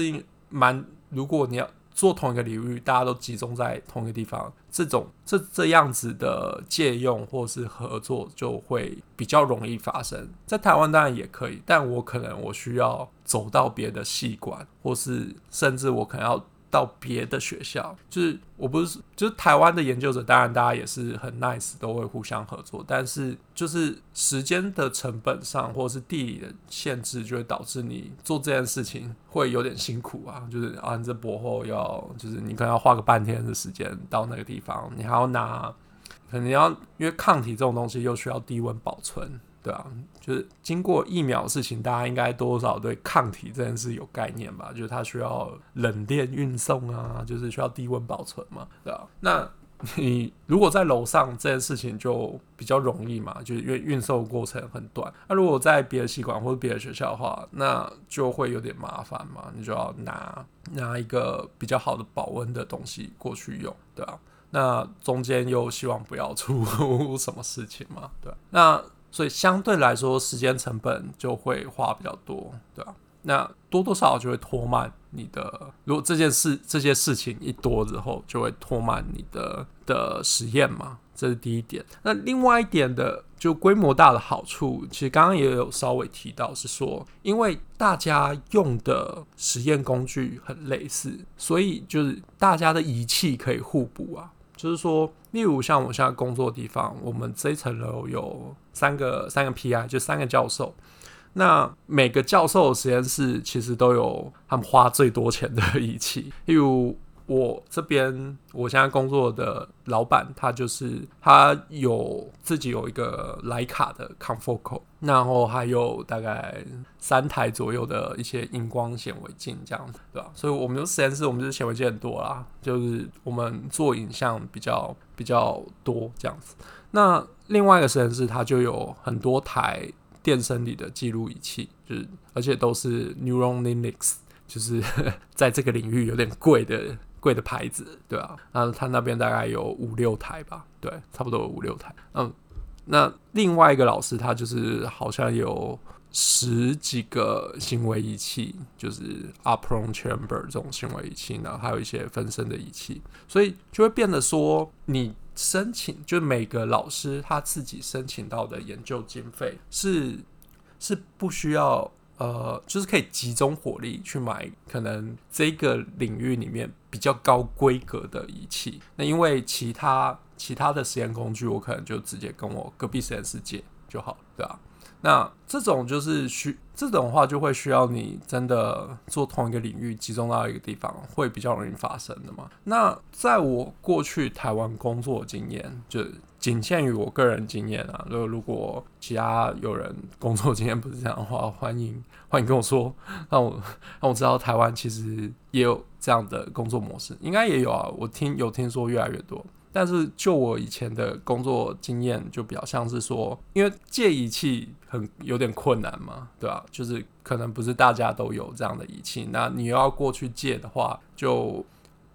蠻，如果你要。”做同一個領域，大家都集中在同一個地方，這種這這樣子的借用或是合作，就會比較容易發生。在台灣當然也可以，但我可能我需要走到別的系館，或是甚至我可能要。到別的學校，就是我不是，就是台灣的研究者，當然大家也是很 nice，都會互相合作。但是就是時間的成本上，或者是地理的限制，就會導致你做這件事情會有點辛苦啊。就是啊，這博後要就是你可能要花個半天的時間到那個地方，你還要拿，可能要，因為抗體這種東西又需要低溫保存。對啊，就是經過疫苗的事情，大家應該多少對抗體這件事有概念吧？就是它需要冷鏈運送啊，就是需要低溫保存嘛，對啊。那你如果在樓上這件事情就比較容易嘛，就是因為運送過程很短。那如果在別的體育館或者別的學校的話，那就會有點麻煩嘛，你就要拿拿一個比較好的保溫的東西過去用，對啊。那中間又希望不要出什麼事情嘛，對啊，那。所以相對來說，時間成本就會花比較多，對吧、啊？那多多少少就會拖慢你的。如果這件事、這些事情一多之後，就會拖慢你的的實驗嘛。這是第一點。那另外一點的，就規模大的好處，其實剛剛也有稍微提到，是說因為大家用的實驗工具很類似，所以就是大家的儀器可以互補啊。就是說，例如像我現在工作的地方，我們這一層樓有。三個三個 PI，就三個教授，那每個教授的實驗室其實都有他們花最多錢的儀器，例如我這邊我現在工作的老闆，他就是他有自己有一個萊卡的 confocal，然後還有大概三台左右的一些熒光顯微鏡這樣子，對吧、啊？所以我們的實驗室，我們就是顯微鏡很多啦，就是我們做影像比較比較多這樣子，那。另外一個實驗室，它就有很多台電生理的記錄儀器，就是而且都是 Neuralynx，就是呵呵在這個領域有點貴的貴的牌子，對吧？啊，他那邊大概有五六台吧，對，差不多有五六台。嗯，那另外一個老師，他就是好像有十幾個行為儀器，就是 Operant Chamber 這種行為儀器，然後還有一些分身的儀器，所以就會變得說你。申請就每個老師他自己申請到的研究經費是是不需要呃，就是可以集中火力去買可能這個領域裡面比較高規格的儀器。那因為其他其他的實驗工具，我可能就直接跟我隔壁實驗室借就好。對啊，那這種就是需。這種話就會需要你真的做同一個領域，集中到一個地方，會比較容易發生的嘛。那在我過去台灣工作經驗，就僅限於我個人經驗啊。如果如果其他有人工作經驗不是這樣的話，歡迎歡迎跟我說，讓我讓我知道台灣其實也有這樣的工作模式，應該也有啊。我聽有聽說越來越多。但是，就我以前的工作經驗，就比較像是說，因為借儀器很有點困難嘛，對啊？就是可能不是大家都有這樣的儀器，那你要過去借的話，就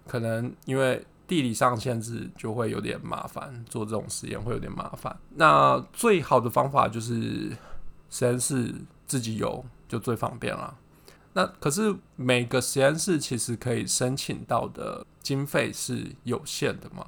可能因為地理上限制，就會有點麻煩。做這種實驗會有點麻煩。那最好的方法就是實驗室自己有，就最方便了。那可是每個實驗室其實可以申請到的經費是有限的嘛？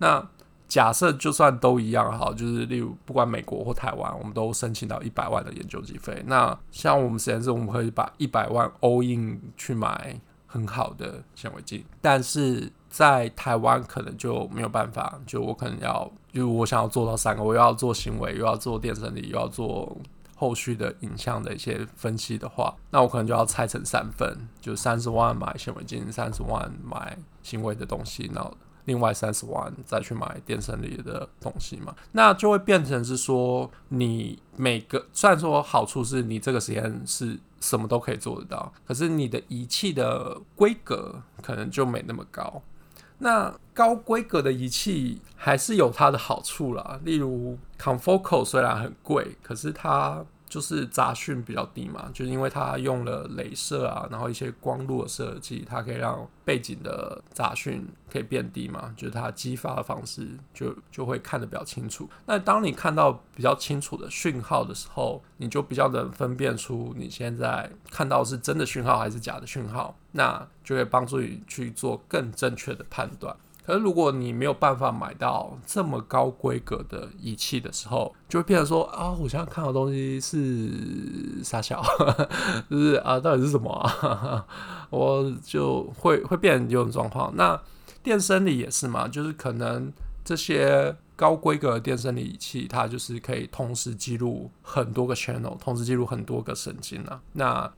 那假設就算都一樣好，就是例如不管美國或台灣，我們都申請到一百萬的研究經費。那像我們實驗室，我們可以把一百萬 all in 去買很好的顯微鏡。但是在台灣可能就沒有辦法，就我可能要，就我想要做到三個，我又要做行為，又要做電生理，又要做後續的影像的一些分析的話，那我可能就要拆成三份，就三十萬買顯微鏡，三十萬買行為的東西，那。另外三十萬再去買電生理的東西嘛，那就會變成是說你每個，雖然說好處是你這個實驗是什麼都可以做得到，可是你的儀器的規格可能就沒那麼高。那高規格的儀器還是有它的好處啦，例如 confocal 雖然很貴，可是它。就是雜訊比較低嘛，就是因為它用了鐳射啊，然後一些光路的設計，它可以讓背景的雜訊可以變低嘛，就是它激發的方式就就會看得比較清楚。那當你看到比較清楚的訊號的時候，你就比較能分辨出你現在看到的是真的訊號還是假的訊號，那就會幫助你去做更正確的判斷。而如果你沒有辦法買到這麼高規格的儀器的時候，就會變成說啊，我現在看的東西是啥小呵呵，就是啊，到底是什麼啊？我就會會變成這種狀況。那電生理也是嘛，就是可能。這些高規格的電生理儀器，它就是可以同時記錄很多個 channel，同時記錄很多個神經啊。那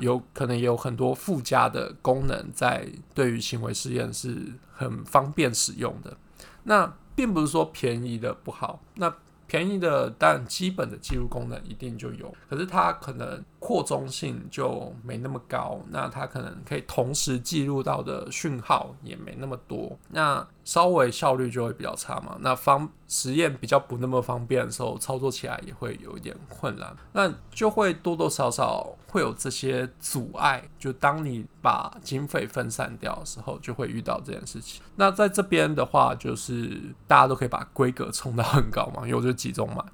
有可能也有很多附加的功能，在對於行為實驗是很方便使用的。那並不是說便宜的不好，那便宜的但基本的記錄功能一定就有，可是它可能。擴充性就沒那麼高，那它可能可以同時記錄到的訊號也沒那麼多，那稍微效率就會比較差嘛。那方實驗比較不那麼方便的時候，操作起來也會有一點困難，那就會多多少少會有這些阻礙。就當你把經費分散掉的時候，就會遇到這件事情。那在這邊的話，就是大家都可以把規格衝到很高嘛，因為我就集中嘛。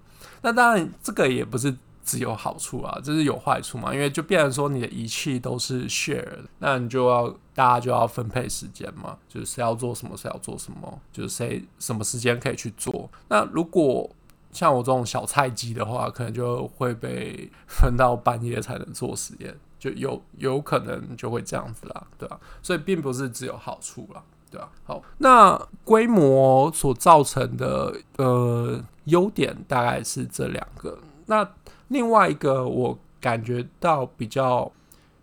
那當然，這個也不是。只有好處啊，這是有壞處嘛？因為就變成說，你的儀器都是 share，那你就要大家就要分配時間嘛，就是誰要做什麼，誰要做什麼，就是誰什麼時間可以去做。那如果像我這種小菜雞的話，可能就會被分到半夜才能做實驗，就有有可能就會這樣子啦，對吧、啊？所以並不是只有好處了，對吧、啊？好，那規模所造成的呃優點大概是這兩個，那。另外一個我感覺到比較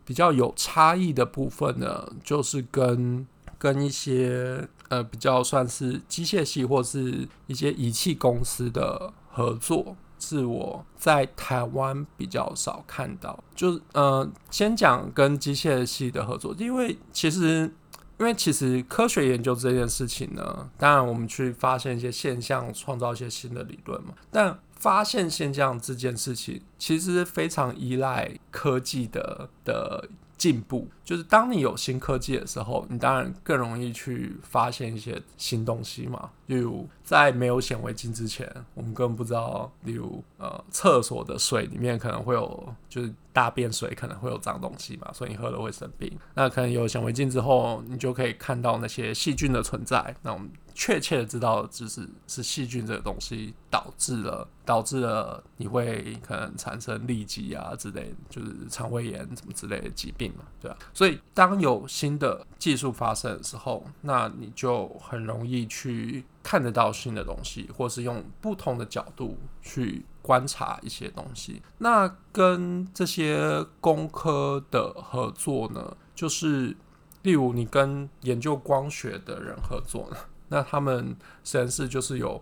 比較有差異的部分呢，就是跟跟一些呃比較算是機械系或是一些儀器公司的合作，是我在台灣比較少看到。就是呃，先講跟機械系的合作，因為其實因為其實科學研究這件事情呢，當然我們去發現一些現象，創造一些新的理論嘛，但。發現現象這件事情其實非常依賴科技的的進步，就是當你有新科技的時候，你當然更容易去發現一些新東西嘛。例如，在沒有顯微鏡之前，我們根本不知道，例如呃廁所的水裡面可能會有，就是大便水可能會有髒東西嘛，所以你喝了會生病。那可能有顯微鏡之後，你就可以看到那些細菌的存在。那我們。確切的知道，就是是細菌這個東西導致了，導致了你會可能產生痢疾啊之類，就是腸胃炎什麼之類的疾病嘛，對吧、啊？所以當有新的技術發生的時候，那你就很容易去看得到新的東西，或是用不同的角度去觀察一些東西。那跟這些工科的合作呢，就是例如你跟研究光學的人合作呢？那他們實驗室就是有，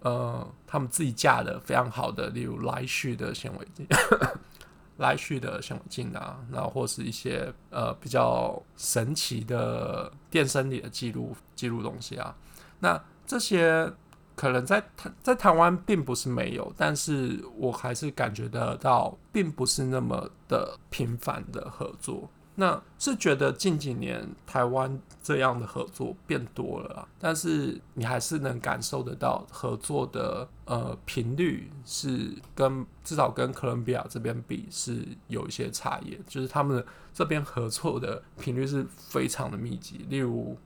呃，他們自己架的非常好的，例如來旭的顯微鏡，來旭的顯微鏡啊，那或是一些呃比較神奇的電生理的記錄記錄東西啊。那這些可能在台在台灣並不是沒有，但是我還是感覺得到，並不是那麼的頻繁的合作。那是覺得近幾年台灣這樣的合作變多了，但是你還是能感受得到合作的呃頻率是跟至少跟哥倫比亞這邊比是有一些差異，就是他們這邊合作的頻率是非常的密集。例如，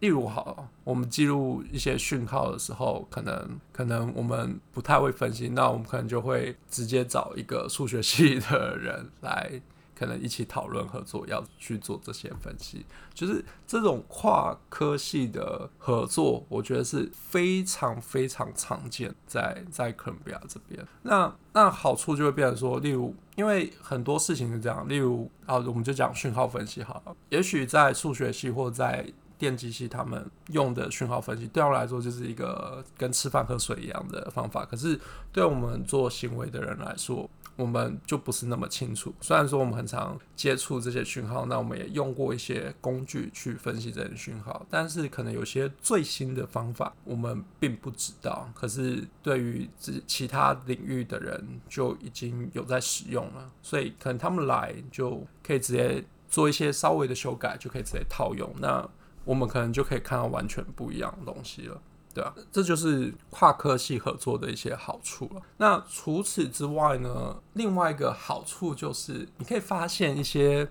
例如好，我們記錄一些訊號的時候，可能可能我們不太會分析，那我們可能就會直接找一個數學系的人來。可能一起討論合作，要去做這些分析，就是這種跨科系的合作，我覺得是非常非常常見，在在哥倫比亞這邊。那那好處就會變成說，例如，因為很多事情是這樣，例如啊，我們就講訊號分析好了，也許在數學系或在電機系他們用的訊號分析，對我來說就是一個跟吃飯喝水一樣的方法，可是對我們做行為的人來說，我們就不是那麼清楚。雖然說我們很常接觸這些訊號，那我們也用過一些工具去分析這些訊號，但是可能有些最新的方法我們並不知道。可是對於其他領域的人就已經有在使用了，所以可能他們來就可以直接做一些稍微的修改，就可以直接套用。那我們可能就可以看到完全不一樣的東西了。對啊，這就是跨科系合作的一些好處了。那除此之外呢，另外一個好處就是，你可以發現一些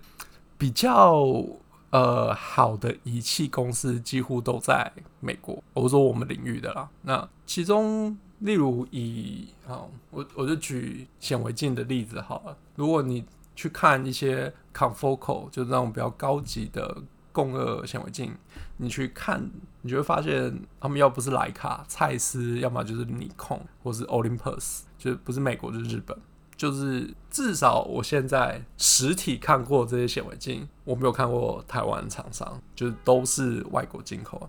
比較呃好的儀器公司幾乎都在美國、歐洲我們領域的啦。那其中，例如以啊，我我就舉顯微鏡的例子好了。如果你去看一些 confocal，就是那種比較高級的。共軛顯微鏡，你去看，你就會發現他們要不是萊卡、蔡司，要麼就是尼康或是 Olympus，就是不是美國就是日本，就是至少我現在實體看過這些顯微鏡，我沒有看過台灣廠商，就是都是外國進口。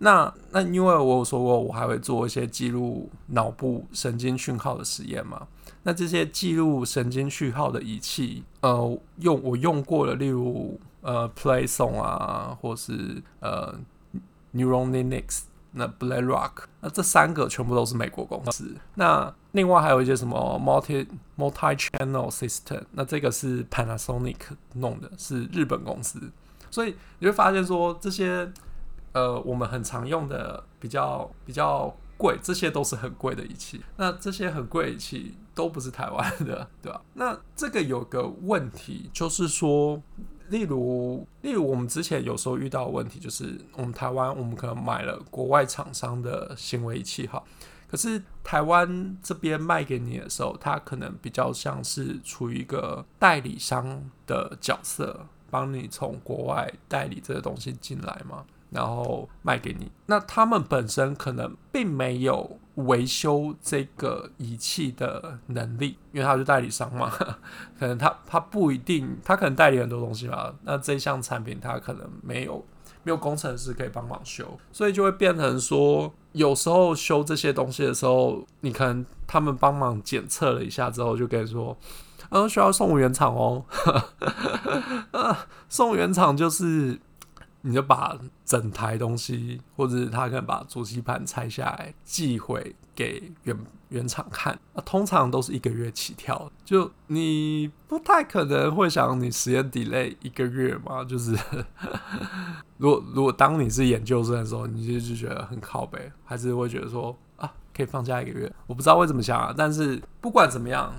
那那因為我有說過，我還會做一些記錄腦部神經訊號的實驗嘛，那這些記錄神經訊號的儀器，呃，用我用過了，例如。呃，Play Song 啊，或是呃 Neuralynx，那 Blackrock，那這三個全部都是美國公司。那另外還有一些什麼 Multi Multi Channel System，那這個是 Panasonic 弄的，是日本公司。所以你會發現說，這些呃，我們很常用的比較比較貴，這些都是很貴的儀器。那這些很貴儀器都不是台灣的，對吧、啊？那這個有個問題就是說。例如，例如我們之前有時候遇到的問題，就是我們台灣，我們可能買了國外廠商的行為儀器哈，可是台灣這邊賣給你的時候，它可能比較像是處於一個代理商的角色，幫你從國外代理這個東西進來嘛，然後賣給你，那他們本身可能並沒有。維修這個儀器的能力，因為他是代理商嘛，可能他他不一定，他可能代理很多東西吧，那這項產品他可能沒有沒有工程師可以幫忙修，所以就會變成說，有時候修這些東西的時候，你可能他們幫忙檢測了一下之後，就可以說，他、嗯、說需要送原廠哦， 送原廠就是你就把。整台東西，或者是他可能把主機盤拆下來寄回給原原廠看，啊，通常都是一個月起跳，就你不太可能會想你實驗 delay 一個月嘛？就是，呵呵，如果如果當你是研究生的時候，你就就覺得很靠北，還是會覺得說啊，可以放假一個月，我不知道會怎麼想啊。但是不管怎麼樣，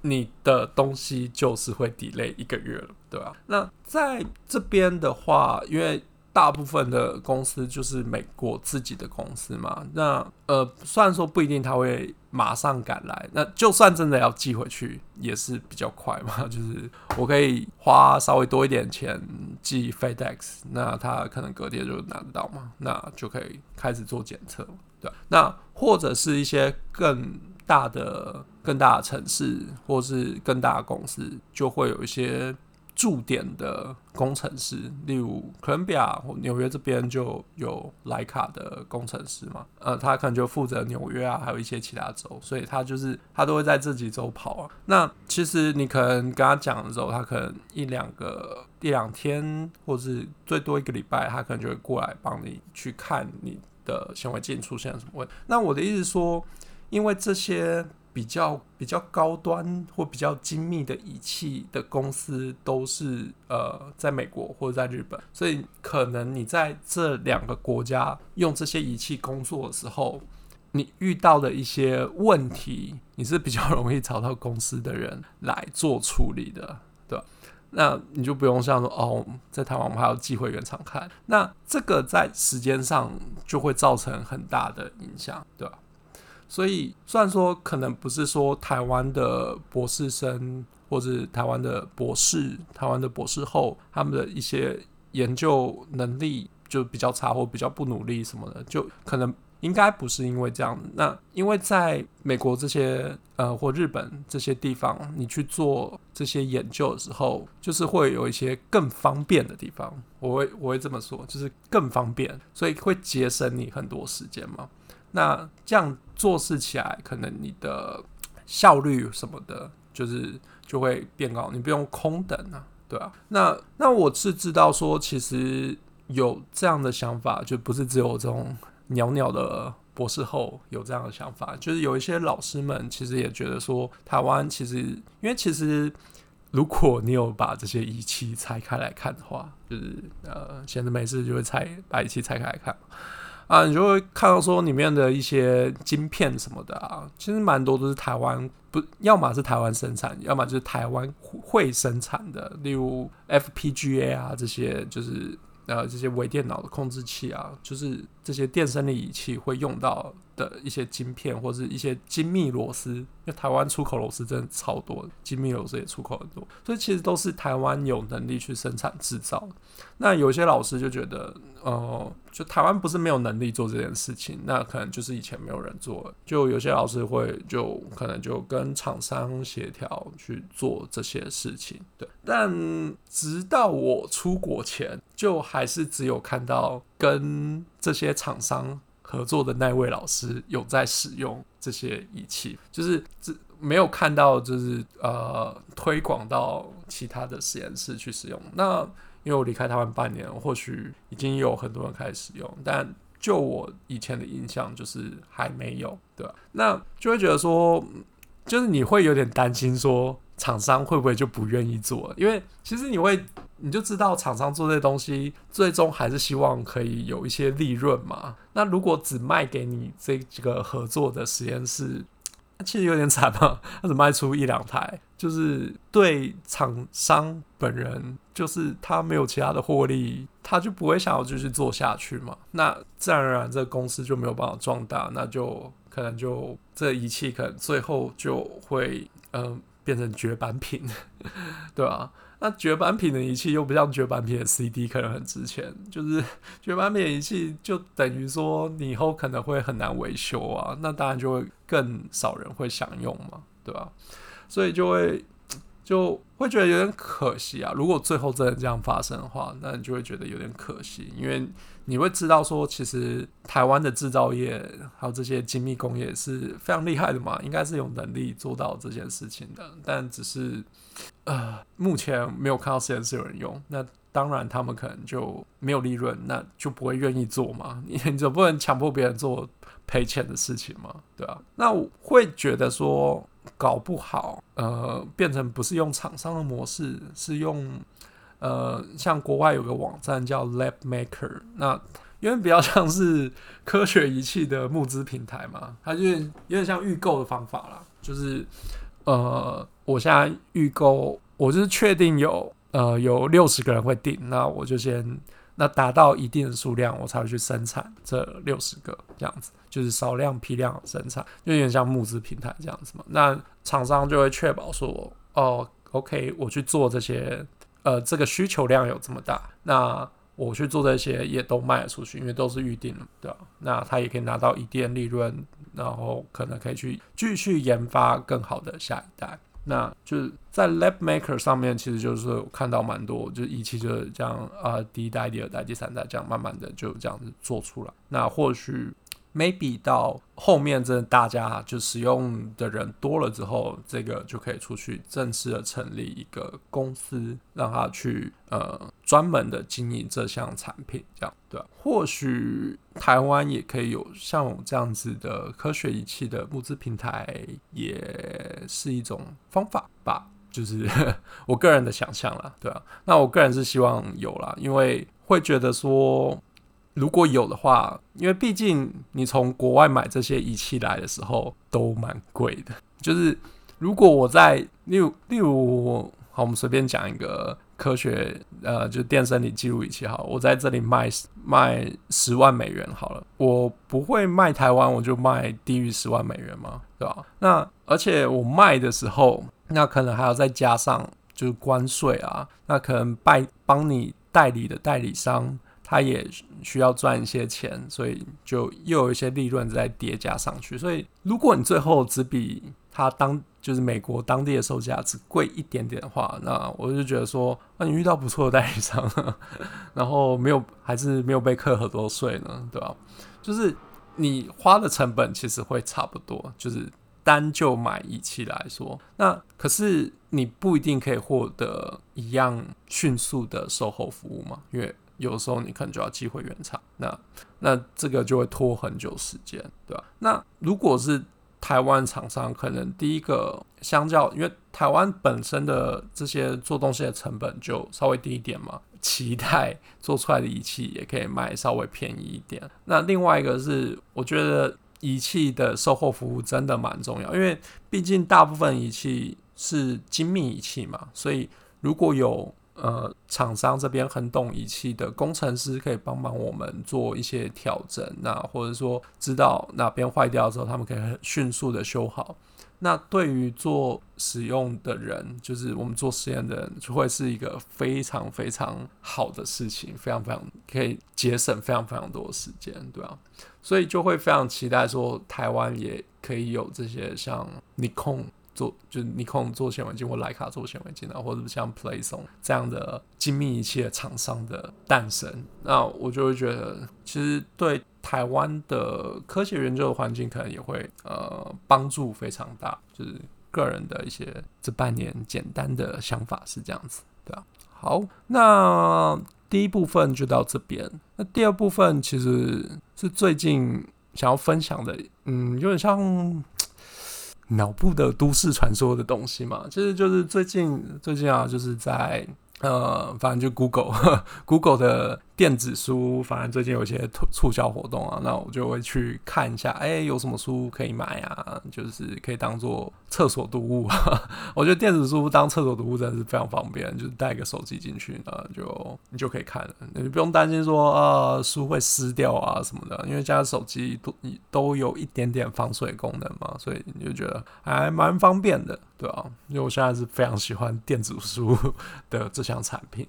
你的東西就是會 delay 一個月了，對吧、啊？那在這邊的話，因為大部分的公司就是美國自己的公司嘛，那呃，雖然說不一定他會馬上趕來，那就算真的要寄回去，也是比較快嘛。就是我可以花稍微多一點錢寄 FedEx，那他可能隔天就拿得到嘛，那就可以開始做檢測，對。那或者是一些更大的、更大的城市，或是更大的公司，就會有一些駐點的工程師，例如哥倫比亞或紐約這邊就有萊卡的工程師嘛，呃，他可能就負責紐約啊，還有一些其他州，所以他就是他都會在這幾州跑啊。那其實你可能跟他講的時候，他可能一兩個一兩天，或是最多一個禮拜，他可能就會過來幫你去看你的顯微鏡出現了什麼問題。那我的意思是說，因為這些。比較比較高端或比較精密的儀器的公司都是呃，在美國或者在日本，所以可能你在這兩個國家用這些儀器工作的時候，你遇到的一些問題，你是比較容易找到公司的人來做處理的，對，那你就不用想說哦，在台灣我們還要寄回原廠看，那這個在時間上就會造成很大的影響，對吧？所以，雖然說可能不是說台灣的博士生或是台灣的博士、台灣的博士後他們的一些研究能力就比較差或比較不努力什麼的，就可能應該不是因為這樣。那因為在美國這些呃或日本這些地方，你去做這些研究的時候，就是會有一些更方便的地方。我會我會這麼說，就是更方便，所以會節省你很多時間嘛。那這樣做事起來，可能你的效率什麼的，就是就會變高，你不用空等啊，對啊。那那我是知道說，其實有這樣的想法，就不是只有這種鳥鳥的博士後有這樣的想法，就是有一些老師們其實也覺得說，台灣其實因為其實，如果你有把這些儀器拆開來看的話，就是呃，閒着沒事就會拆把儀器拆開來看。啊，你就會看到說裡面的一些晶片什麼的啊，其實蠻多都是台灣，不要麼是台灣生產，要麼就是台灣會生產的，例如 FPGA 啊這些，就是呃這些微電腦的控制器啊，就是。這些電生理儀器會用到的一些晶片，或是一些精密螺絲，因為台灣出口螺絲真的超多，精密螺絲也出口很多，所以其實都是台灣有能力去生產製造。那有些老師就覺得，呃，就台灣不是沒有能力做這件事情，那可能就是以前沒有人做。就有些老師會就可能就跟廠商協調去做這些事情，對。但直到我出國前，就還是只有看到。跟這些廠商合作的那位老師有在使用這些儀器，就是這沒有看到，就是呃推廣到其他的實驗室去使用。那因為我離開台灣半年，或許已經有很多人開始使用，但就我以前的印象，就是還沒有，對吧。那就會覺得說，就是你會有點擔心說，廠商會不會就不願意做了？因為其實你會。你就知道廠商做這些東西，最終還是希望可以有一些利潤嘛。那如果只賣給你這幾個合作的實驗室，那其實有點慘啊，他只賣出一兩台，就是對廠商本人，就是他沒有其他的獲利，他就不會想要繼續做下去嘛。那自然而然，這個公司就沒有辦法壯大，那就可能就這儀器可能最後就會嗯變成絕版品， 對啊。那絕版品的儀器又不像絕版品的 CD 可能很值錢，就是絕版品的儀器就等於說你以後可能會很難維修啊，那當然就會更少人會享用嘛，對吧、啊？所以就會就會覺得有點可惜啊。如果最後真的這樣發生的話，那你就會覺得有點可惜，因為你會知道說，其實台灣的制造業還有這些精密工業是非常厲害的嘛，應該是有能力做到這件事情的，但只是。呃，目前沒有看到實驗室有人用，那當然他們可能就沒有利潤，那就不會願意做嘛。你總不能強迫別人做賠錢的事情嘛，對吧？那我會覺得說，搞不好呃，變成不是用廠商的模式，是用呃，像國外有個網站叫 Lab Maker，那因為比較像是科學儀器的募資平台嘛，它就有點像預購的方法啦，就是。呃，我現在預購，我就是確定有，呃，有六十個人會訂，那我就先，那達到一定的數量，我才會去生產這六十個，這樣子，就是少量批量生產，就有點像募資平台這樣子嘛。那廠商就會確保說，哦，呃，OK，我去做這些，呃，這個需求量有這麼大，那。我去做這些也都賣出去，因為都是預定了，對吧？那他也可以拿到一定利潤，然後可能可以去繼續研發更好的下一代。那就是在 Lab Maker 上面，其實就是看到蠻多，就是儀器就是這樣啊，第一代、第二代、第三代，這樣慢慢的就這樣子做出來。那或許。maybe 到後面，這大家就使用的人多了之後，這個就可以出去正式的成立一個公司，讓他去呃專門的經營這項產品，這樣對吧、啊？或許台灣也可以有像我們這樣子的科學儀器的募資平台，也是一種方法吧，就是 我個人的想象啦，對吧、啊？那我個人是希望有啦，因為會覺得說。如果有的話，因為畢竟你從國外買這些儀器來的時候都蠻貴的。就是如果我在，例如例如我，好，我們隨便講一個科學，呃，就是電生理記錄儀器，好，我在這裡賣賣十萬美元好了。我不會賣台灣，我就賣低於十萬美元嘛，對吧？那而且我賣的時候，那可能還要再加上就是關稅啊，那可能拜幫你代理的代理商。他也需要賺一些錢，所以就又有一些利潤再疊加上去。所以，如果你最後只比他當就是美國當地的售價只貴一點點的話，那我就覺得說，那、啊、你遇到不錯的代理商呵呵，然後沒有還是沒有被課很多稅呢，對吧、啊？就是你花的成本其實會差不多，就是單就買儀器來說，那可是你不一定可以獲得一樣迅速的售後服務嘛，因爲。有時候你可能就要寄回原廠，那那這個就會拖很久時間，對吧、啊？那如果是台灣廠商，可能第一個相較，因為台灣本身的這些做東西的成本就稍微低一點嘛，期待做出來的儀器也可以賣稍微便宜一點。那另外一個是，我覺得儀器的售後服務真的蠻重要，因為畢竟大部分儀器是精密儀器嘛，所以如果有。呃，廠商這邊很懂儀器的工程師可以幫幫我們做一些調整、啊，那或者說知道哪邊壞掉之後，他們可以很迅速的修好。那對於做使用的人，就是我們做實驗的人，就會是一個非常非常好的事情，非常非常可以節省非常非常多的時間，對吧、啊？所以就會非常期待說，台灣也可以有這些像尼康，做就是尼康做顯微鏡，或徠卡做顯微鏡啊，或者像 play song 這樣的精密儀器廠商的誕生，那我就會覺得，其實對台灣的科學研究的環境可能也會呃幫助非常大。就是個人的一些這半年簡單的想法是這樣子，對吧、啊？好，那第一部分就到這邊。那第二部分其實是最近想要分享的，嗯，有點像。腦部的都市傳說的東西嘛，其實就是最近最近啊，就是在呃，反正就 Google Google 的。電子書，反正最近有一些促促銷活動啊，那我就會去看一下，哎、欸，有什麼書可以買啊？就是可以當做廁所讀物啊。我覺得電子書當廁所讀物真的是非常方便，就是帶個手機進去，啊，就你就可以看了，你不用擔心說啊、呃、書會濕掉啊什麼的，因為現在手機都都有一點點防水功能嘛，所以你就覺得還蠻方便的，對啊，因為我現在是非常喜歡電子書的這項產品。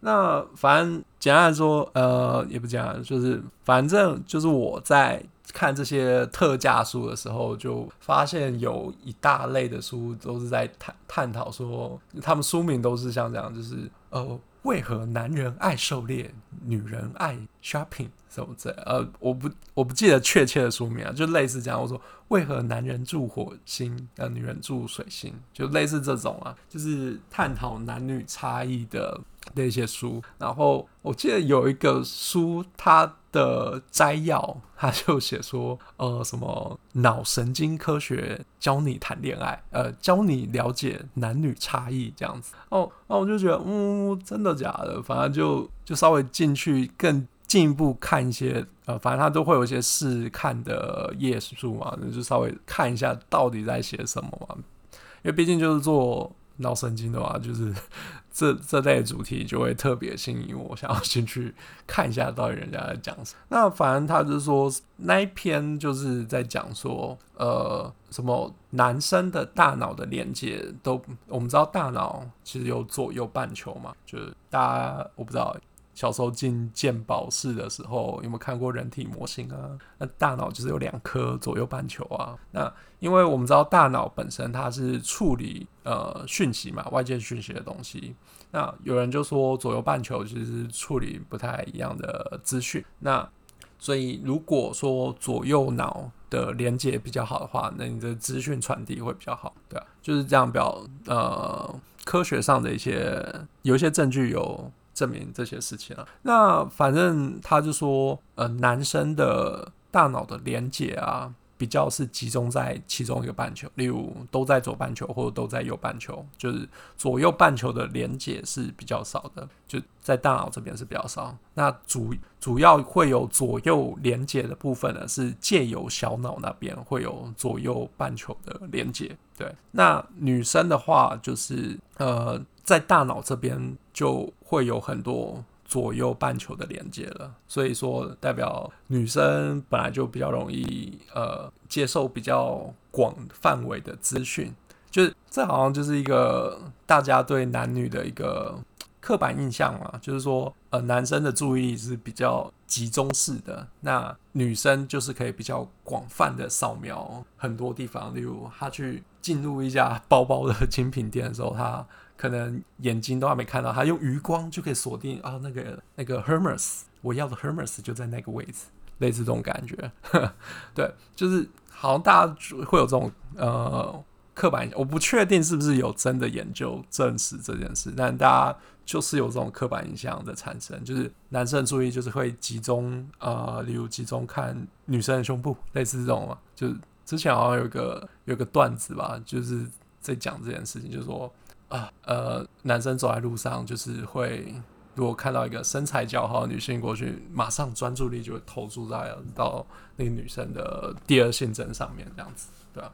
那反正簡單來說，呃，也不簡單，就是反正就是我在看這些特價書的時候，就發現有一大類的書都是在探探討說，他們書名都是像這樣，就是呃，為何男人愛狩獵，女人愛 shopping 什麼之類呃，我不我不記得確切的書名啊，就類似這樣，我說為何男人住火星，呃，女人住水星，就類似這種啊，就是探討男女差異的。那些書，然後我記得有一個書，它的摘要他就寫說，呃，什麼腦神經科學教你談戀愛，呃，教你了解男女差異這樣子。哦，那我就覺得，嗯，真的假的？反正就就稍微進去更進一步看一些，呃，反正他都會有一些試看的頁數嘛，就稍微看一下到底在寫什麼嘛，因為畢竟就是做腦神經的嘛，就是。這這類主題就會特別吸引我，我想要先去看一下到底人家在講什麼。那反正他就說那一篇就是在講說，呃，什麼男生的大腦的連接都，我們知道大腦其實有左右半球嘛，就是大家我不知道。小時候進健保室的時候，有沒有看過人體模型啊？那大腦就是有兩顆左右半球啊。那因為我們知道大腦本身它是處理呃訊息嘛，外界訊息的東西。那有人就說左右半球其實處理不太一樣的資訊。那所以如果說左右腦的連接比較好的話，那你的資訊傳遞會比較好，對啊，就是這樣表呃科學上的一些有一些證據有。證明這些事情啊，那反正他就說，呃，男生的大腦的連接啊，比較是集中在其中一個半球，例如都在左半球，或者都在右半球，就是左右半球的連接是比較少的，就在大腦這邊是比較少。那主主要會有左右連接的部分呢，是藉由小腦那邊會有左右半球的連接。對，那女生的話，就是呃，在大腦這邊就會有很多。左右半球的連接了，所以說代表女生本來就比較容易呃接受比較廣範圍的資訊，就是這好像就是一個大家對男女的一個刻板印象嘛，就是說呃男生的注意力是比較集中式的，那女生就是可以比較廣泛的掃描很多地方，例如她去進入一家包包的精品店的時候，她。可能眼睛都還沒看到，他用餘光就可以鎖定啊，那個那個 Hermes，我要的 Hermes 就在那個位置，類似這種感覺。 對，就是好像大家就會有這種呃刻板印象，我不確定是不是有真的研究證實這件事，但大家就是有這種刻板印象的產生，就是男生注意就是會集中啊、呃，例如集中看女生的胸部，類似這種嘛。就是之前好像有個有個段子吧，就是在講這件事情，就是說。啊，呃，男生走在路上，就是會如果看到一個身材姣好的女性過去，馬上專注力就會投注在到那個女生的第二性徵上面，這樣子，對吧？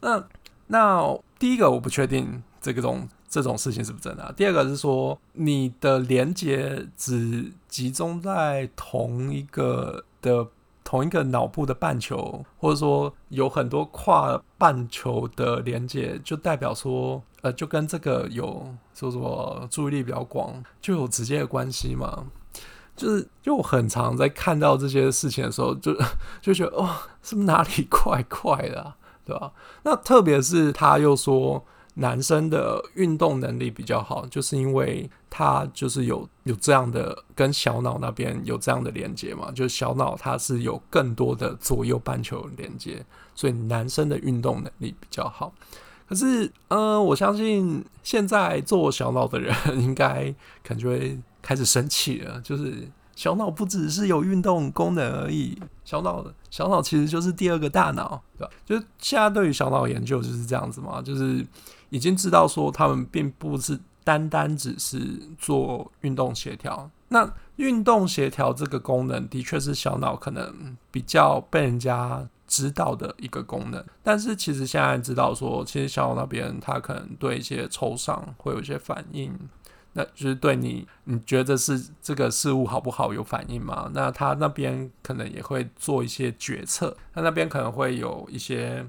啊？那那第一個我不確定這個種這種事情是不是真的啊。第二個是說，你的連接只集中在同一個的。同一個腦部的半球，或者說有很多跨半球的連接，就代表說，呃，就跟這個有是是說什麼注意力比較廣，就有直接的關係嘛。就是就很常在看到這些事情的時候，就就覺得，哦，是不是哪裡怪怪的，啊，對吧？那特別是他又說。男生的運動能力比較好，就是因為他就是有有這樣的跟小腦那邊有這樣的連接嘛，就是小腦它是有更多的左右半球連接，所以男生的運動能力比較好。可是，嗯、呃，我相信現在做小腦的人應該感覺開始生氣了，就是小腦不只是有運動功能而已，小腦小腦其實就是第二個大腦，對吧？就是現在對於小腦研究就是這樣子嘛，就是。已經知道說，他們並不是單單只是做運動協調。那運動協調這個功能，的確是小腦可能比較被人家知道的一個功能。但是其實現在知道說，其實小腦那邊他可能對一些抽象會有一些反應，那就是對你你覺得是這個事物好不好有反應嗎？那他那邊可能也會做一些決策，他那，那邊可能會有一些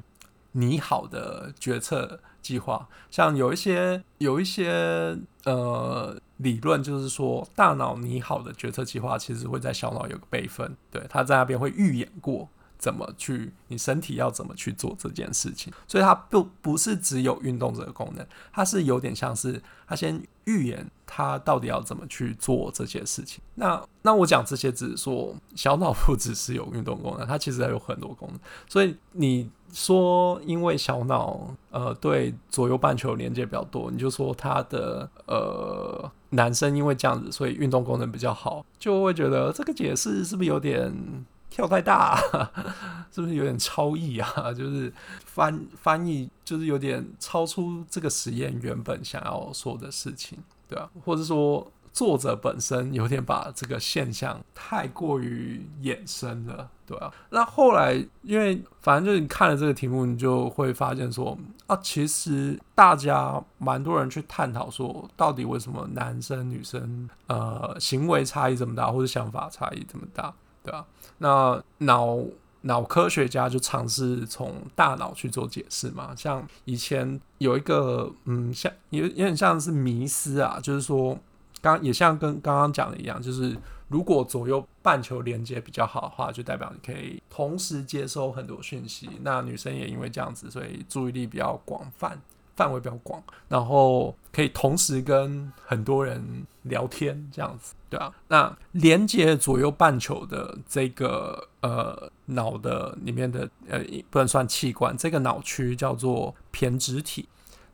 你好的決策。計劃，像有一些有一些呃理論，就是說大腦擬好的決策計劃，其實會在小腦有個備份，對，他在那邊會預演過。怎麼去？你身體要怎麼去做這件事情。所以它，不不是只有運動這個功能，它是有點像是它先預言它到底要怎麼去做這些事情。那那我講這些只是說，小腦不只是有運動功能，它其實還有很多功能。所以你說，因為小腦呃對左右半球連接比較多，你就說它的呃，男生因為這樣子，所以運動功能比較好，就會覺得這個解釋是不是有點？跳太大，啊， 是不是有點超譯啊？就是翻翻譯，就是有點超出這個實驗原本想要說的事情，對啊，或者說作者本身有點把這個現象太過於衍生了，對啊，那後來，因為反正就是你看了這個題目，你就會發現說，啊，其實大家蠻多人去探討說，到底為什麼男生女生呃行為差異這麼大，或者想法差異這麼大？對啊，那腦腦科學家就嘗試從大腦去做解釋嘛。像以前有一個，嗯，像有有點像是迷思啊，就是說，剛也像跟剛剛講的一樣，就是如果左右半球連接比較好的話，就代表你可以同時接收很多訊息。那女生也因為這樣子，所以注意力比較廣泛。範圍比較廣，然後可以同時跟很多人聊天，這樣子，對啊，那連接左右半球的這個呃腦的裡面的呃不能算器官，這個腦區叫做胼胝體。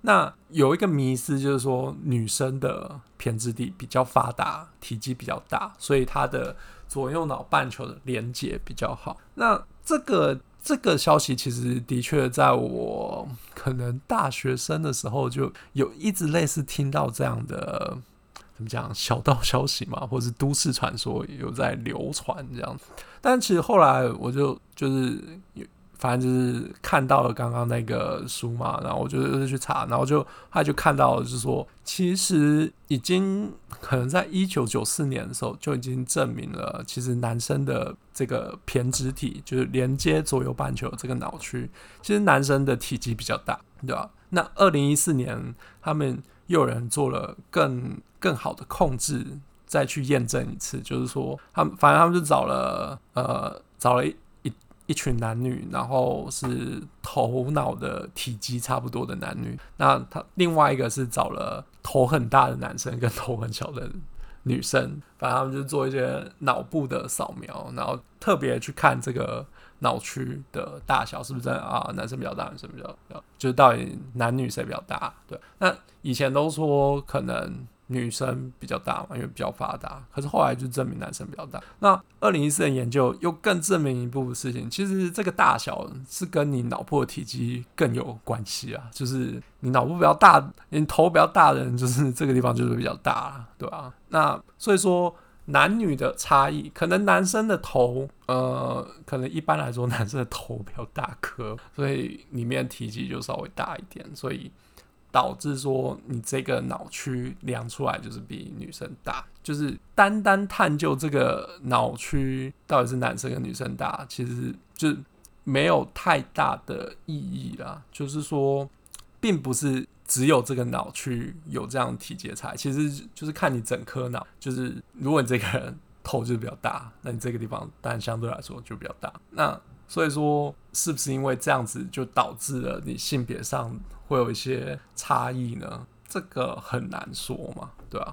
那有一個迷思就是說，女生的胼胝體比較發達，體積比較大，所以她的左右腦半球的連接比較好。那這個。這個消息，其實的確，在我可能大學生的時候就有一直類似聽到這樣的，怎麼講，小道消息嘛，或者是都市傳說有在流傳這樣子。但其實後來我就就是。反正就是看到了剛剛那個書嘛，然後我就去查，然後就他就看到了，就是說，其實已經可能在一九九四年的時候就已經證明了，其實男生的這個胼胝體，就是連接左右半球這個腦區，其實男生的體積比較大，對吧？啊？那二零一四年他們又有人做了更更好的控制，再去驗證一次，就是說，他們反正他們就找了呃找了一。一群男女，然後是頭腦的體積差不多的男女。那他另外一個是找了頭很大的男生跟頭很小的女生，反正他們就做一些腦部的掃描，然後特別去看這個腦區的大小是不是啊？男生比較大，女生比較，就是、到底男女誰比較大？對，那以前都說可能。女生比較大嘛，因為比較發達，可是後來就證明男生比較大。那二零一四年研究又更證明一部分事情，其實這個大小是跟你腦部的體積更有關係啊，就是你腦部比較大，你頭比較大的人，就是這個地方就是比較大，對吧？那所以說男女的差異，可能男生的頭，呃，可能一般來說男生的頭比較大顆，所以裡面體積就稍微大一點，所以。導致說你這個腦區量出來就是比女生大，就是單單探究這個腦區到底是男生跟女生大，其實就沒有太大的意義啦。就是說，並不是只有這個腦區有這樣體積才，其實就是看你整顆腦，就是如果你這個人頭就比較大，那你這個地方當然相對來說就比較大。那所以說，是不是因為這樣子就導致了你性別上？會有一些差異呢？這個很難說嘛，對吧、啊？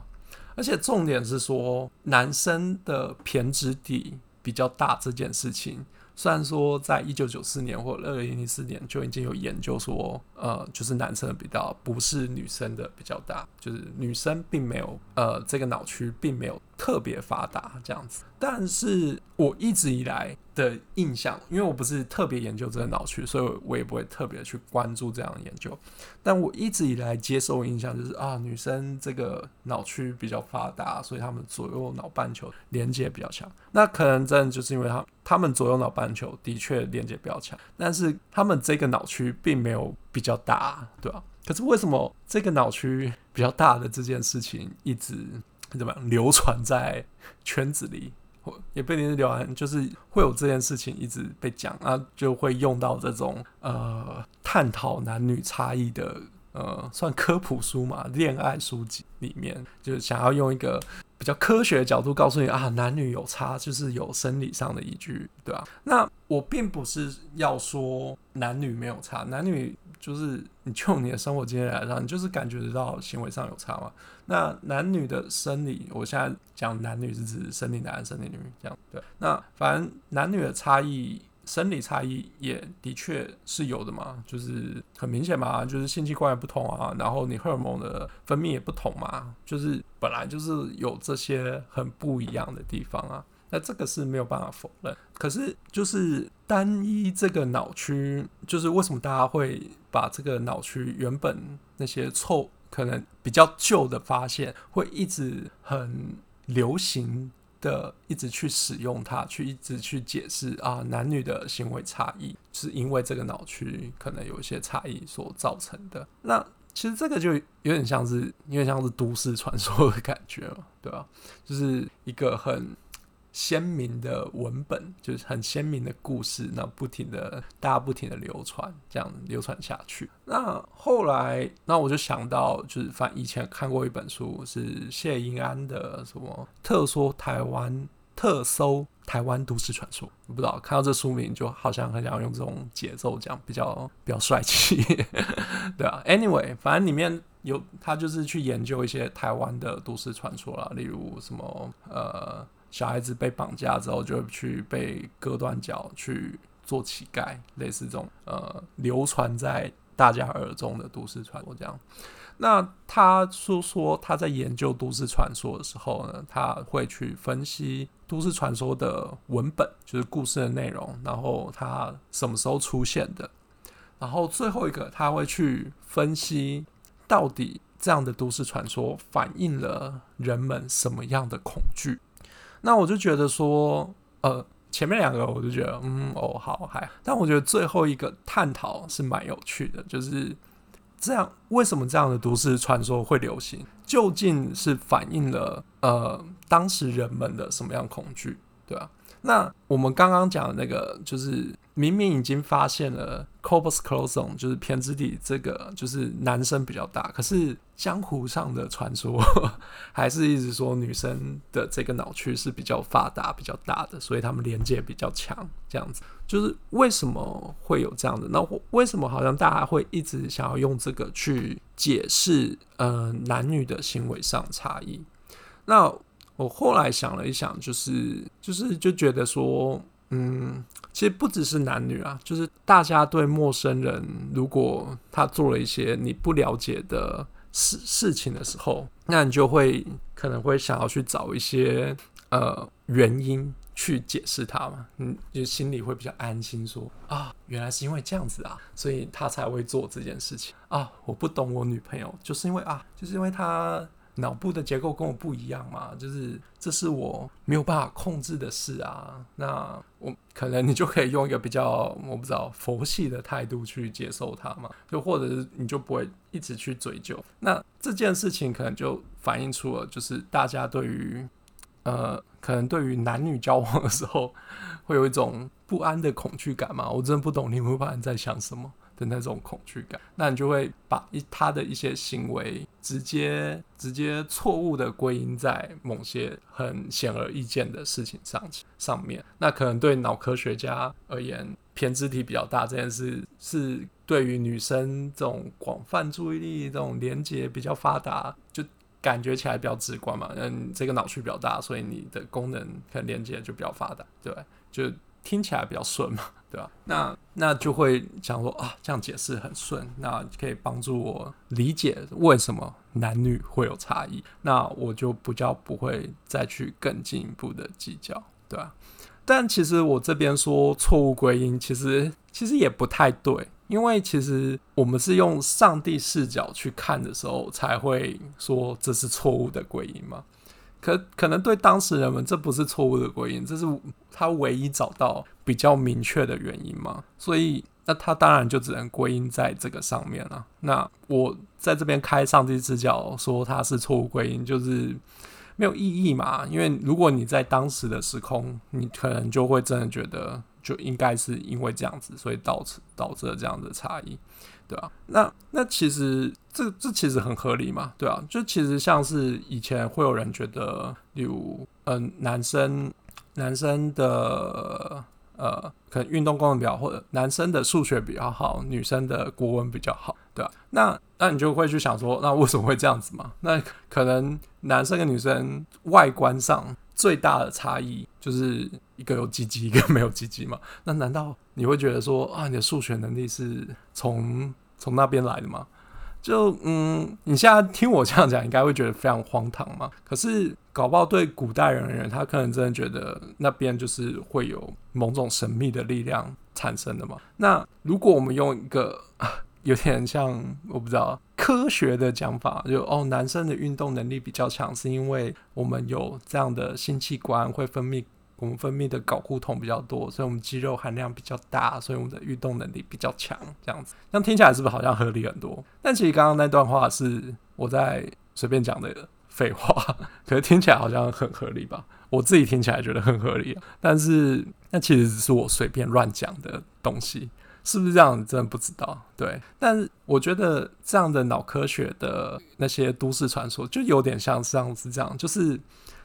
而且重點是說，男生的胼胝體比較大這件事情，雖然說在一九九四年或二零零四年就已經有研究說，呃，就是男生的比較不是女生的比較大，就是女生並沒有呃這個腦區並沒有特別發達這樣子。但是我一直以來的印象，因為我不是特別研究這個腦區，所以我也不會特別去關注這樣的研究。但我一直以來接受印象就是啊，女生這個腦區比較發達，所以他們左右腦半球連接比較強。那可能真的就是因為他們他們左右腦半球的確連接比較強，但是他們這個腦區並沒有比較大，對吧、啊？可是為什麼這個腦區比較大的這件事情一直怎麼樣流傳在圈子裡？也被一直聊完，就是會有這件事情一直被講啊，就會用到這種呃探討男女差異的呃算科普書嘛，戀愛書籍裡面，就是想要用一個比較科學的角度告訴你啊，男女有差，就是有生理上的依據，對吧？那我並不是要說男女沒有差，男女。就是你就你的生活經驗來講，你就是感覺得到行為上有差嘛。那男女的生理，我現在講男女是指生理男、生理女，這樣，對。那反正男女的差異，生理差異也的確是有的嘛，就是很明顯嘛，就是性器官也不同啊，然後你荷爾蒙的分泌也不同嘛，就是本來就是有這些很不一樣的地方啊，那這個是沒有辦法否認。可是，就是單一這個腦區，就是為什麼大家會把這個腦區原本那些臭可能比較舊的發現，會一直很流行的，一直去使用它，去一直去解釋啊，男女的行為差異是因為這個腦區可能有一些差異所造成的。那其實這個就有點像是，有點像是都市傳說的感覺了，對吧、啊？就是一個很。鮮明的文本，就是很鮮明的故事，那不停的，大家不停的流傳，這樣流傳下去。那後來，那我就想到，就是反以前看過一本書，是謝英安的什麼《特搜台灣》《特搜台灣都市傳說》，不知道看到這書名，就好像很想用這種節奏這樣比較比較帥氣， 對啊 anyway，反正裡面有他就是去研究一些台灣的都市傳說啦，例如什麼呃。小孩子被綁架之後，就會去被割斷腳去做乞丐，類似這種呃流傳在大家耳中的都市傳說。這樣，那他說說他在研究都市傳說的時候呢，他會去分析都市傳說的文本，就是故事的內容，然後他什麼時候出現的，然後最後一個他會去分析到底這樣的都市傳說反映了人們什麼樣的恐懼。那我就覺得說，呃，前面兩個我就覺得，嗯，哦，好，嗨。但我覺得最後一個探討是蠻有趣的，就是這樣，為什麼這樣的都市傳說會流行？究竟是反映了呃當時人們的什麼樣的恐懼，對吧、啊？那我們剛剛講的那個，就是明明已經發現了 corpus callosum，就是胼胝體，這個就是男生比較大，可是江湖上的傳說呵呵還是一直說女生的這個腦區是比較發達、比較大的，所以他們連接比較強。這樣子，就是為什麼會有這樣的？那為什麼好像大家會一直想要用這個去解釋，呃男女的行為上差異？那我後來想了一想，就是就是就覺得說，嗯，其實不只是男女啊，就是大家對陌生人，如果他做了一些你不了解的事事情的時候，那你就會可能會想要去找一些呃原因去解釋他嘛，嗯，就心裡會比較安心說，說啊，原來是因為這樣子啊，所以他才會做這件事情啊，我不懂我女朋友，就是因為啊，就是因為他，腦部的結構跟我不一樣嘛，就是這是我沒有辦法控制的事啊。那我可能你就可以用一個比較我不知道佛系的態度去接受它嘛，就或者是你就不會一直去追究。那這件事情可能就反映出了，就是大家對於呃，可能對於男女交往的時候會有一種不安的恐懼感嘛。我真的不懂你有沒有辦法在想什麼？的那種恐懼感，那你就會把一他的一些行為直接直接，錯誤的歸因在某些很顯而易見的事情上，上面。那可能對腦科學家而言，胼胝體比較大這件事，是對於女生這種廣泛注意力、這種連接比較發達，就感覺起來比較直觀嘛。嗯，這個腦區比較大，所以你的功能可能連接就比較發達，對吧？就聽起來比較順嘛。對吧、啊？那那就會想說啊，這樣解釋很順，那可以幫助我理解為什麼男女會有差異。那我就比較不會再去更進一步的計較，對啊，但其實我這邊說錯誤歸因，其實其實也不太對，因為其實我們是用上帝視角去看的時候，才會說這是錯誤的歸因嘛。可可能對當時人們，這不是錯誤的歸因，這是他唯一找到比較明確的原因嘛。所以那他當然就只能歸因在這個上面了啊。那我在這邊開上帝視角說他是錯誤歸因，就是沒有意義嘛。因為如果你在當時的時空，你可能就會真的覺得就應該是因為這樣子，所以導致導致了這樣的差異。對啊，那那其實這這其實很合理嘛，對啊，就其實像是以前會有人覺得，例如嗯、呃，男生男生的呃可能運動功能比較好，或者男生的數學比較好，女生的國文比較好，對吧、啊？那那你就會去想說，那為什麼會這樣子嘛？那可能男生跟女生外觀上。最大的差異就是一個有雞雞，一個沒有雞雞嘛。那難道你會覺得說啊，你的數學能力是從從那邊來的嗎？就嗯，你現在聽我這樣講，應該會覺得非常荒唐嘛。可是搞不好對古代人的人，他可能真的覺得那邊就是會有某種神秘的力量產生的嘛。那如果我們用一個。 有點像，我不知道科學的講法，就哦，男生的運動能力比較強，是因為我們有這樣的性器官，會分泌我們分泌的睾固酮比較多，所以我們肌肉含量比較大，所以我們的運動能力比較強。這樣子，那聽起來是不是好像合理很多？但其實剛剛那段話是我在隨便講的廢話，可是聽起來好像很合理吧？我自己聽起來覺得很合理，但是那其實只是我隨便亂講的東西。是不是這樣？真的不知道。對，但是我覺得這樣的腦科學的那些都市傳說，就有點像上次這樣，就是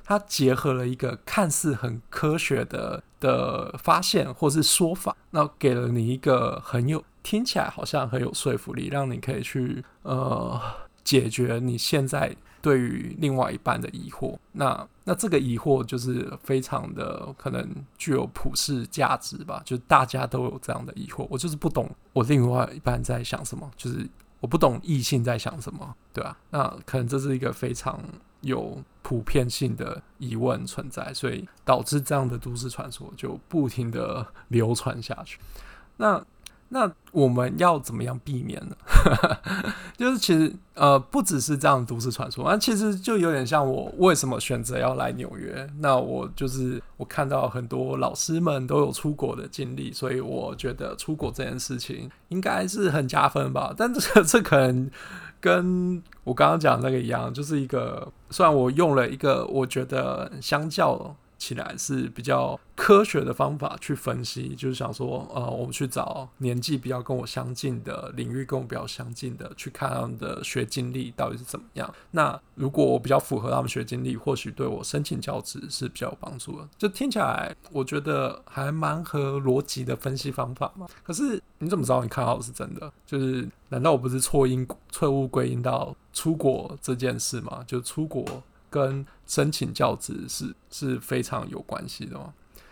它結合了一個看似很科學的的發現或是說法，那給了你一個很有聽起來好像很有說服力，讓你可以去呃解決你現在。對於另外一半的疑惑，那那這個疑惑就是非常的可能具有普世價值吧，就是大家都有這樣的疑惑，我就是不懂我另外一半在想什麼，就是我不懂異性在想什麼，對吧？啊？那可能這是一個非常有普遍性的疑問存在，所以導致這樣的都市傳說就不停的流傳下去。那那我們要怎麼樣避免呢？ 就是其實呃，不只是這樣都市傳說，啊，其實就有點像我為什麼選擇要來紐約。那我就是我看到很多老師們都有出國的經歷，所以我覺得出國這件事情應該是很加分吧。但這個這可能跟我剛剛講的那個一樣，就是一個雖然我用了一個我覺得相較了。起來是比較科學的方法去分析，就是想說，呃，我們去找年紀比較跟我相近的，領域跟我比較相近的，去看他們的學經歷到底是怎麼樣。那如果我比較符合他們學經歷，或許對我申請教職是比較有幫助的。就聽起來，我覺得還蠻合邏輯的分析方法嘛。可是你怎麼知道你看好是真的？就是難道我不是錯因，錯誤歸因到出國這件事嗎？就出國跟。申請教職，是是非常有關係的，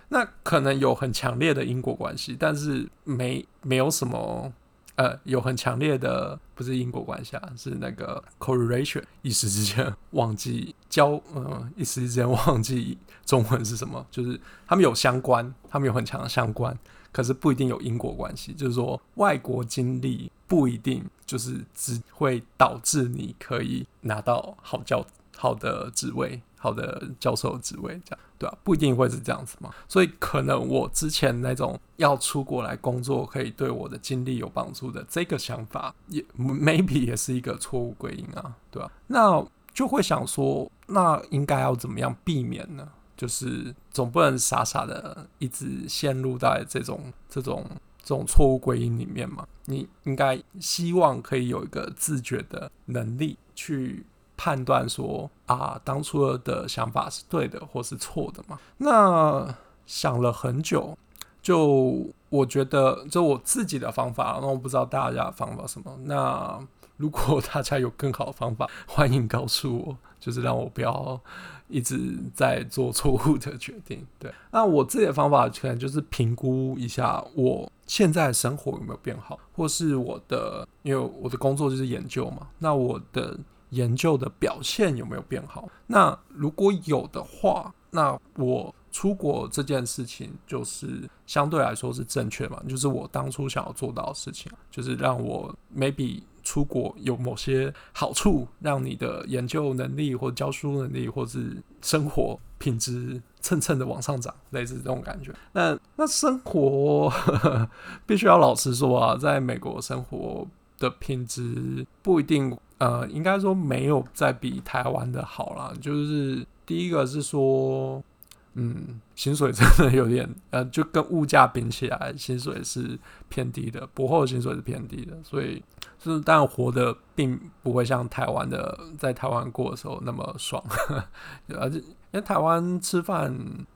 那可能有很強烈的因果關係，但是沒沒有什麼呃，有很強烈的不是因果關係啊，是那個 correlation、呃。一時之間忘記教，嗯，一時之間忘記中文是什麼，就是他們有相關，他們有很強的相關，可是不一定有因果關係。就是說，外國經歷不一定就是只會導致你可以拿到好教。好的職位，好的教授職位，這樣對啊，不一定會是這樣子嘛，所以可能我之前那種要出國來工作，可以對我的經歷有幫助的這個想法也，也 maybe 也是一個錯誤歸因啊，對吧、啊？那就會想說，那應該要怎麼樣避免呢？就是總不能傻傻的一直陷入在這種、這種、這種錯誤歸因裡面嘛。你應該希望可以有一個自覺的能力去。判斷說啊，當初的想法是對的或是錯的嘛？那想了很久，就我覺得，就我自己的方法。那我不知道大家的方法什麼。那如果大家有更好的方法，歡迎告訴我，就是讓我不要一直在做錯誤的決定。對，那我自己的方法可能就是評估一下我現在的生活有沒有變好，或是我的，因為我的工作就是研究嘛。那我的。研究的表現有沒有變好？那如果有的話，那我出國這件事情就是相對來說是正確嘛，就是我當初想要做到的事情，就是讓我 maybe 出國有某些好處，讓你的研究能力或教書能力或是生活品質蹭蹭的往上漲，類似這種感覺。那那生活 必須要老實說啊，在美國生活的品質不一定。呃，應該說沒有再比台灣的好啦。就是第一個是說，嗯，薪水真的有點，呃，就跟物價比起來，薪水是偏低的，博後薪水是偏低的，所以就是但活得並不會像台灣的在台灣過的時候那麼爽，而 且因為台灣吃飯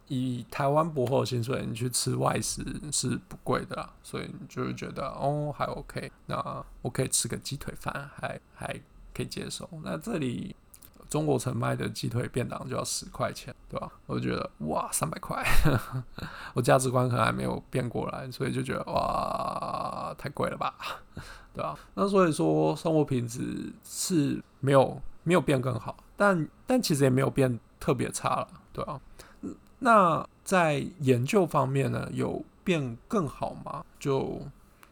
以台灣博後薪水你去吃外食是不貴的啦，所以你就是覺得哦還 OK，那我可以吃個雞腿飯，還還。可以接受。那這裡中國城賣的雞腿便當就要十塊錢，對吧、啊？我就覺得哇，三百塊， 我價值觀可能還沒有變過來，所以就覺得哇，太貴了吧，對吧、啊？那所以說，生活品質是沒有沒有變更好，但但其實也沒有變特別差了，對吧、啊？那在研究方面呢，有變更好嗎？就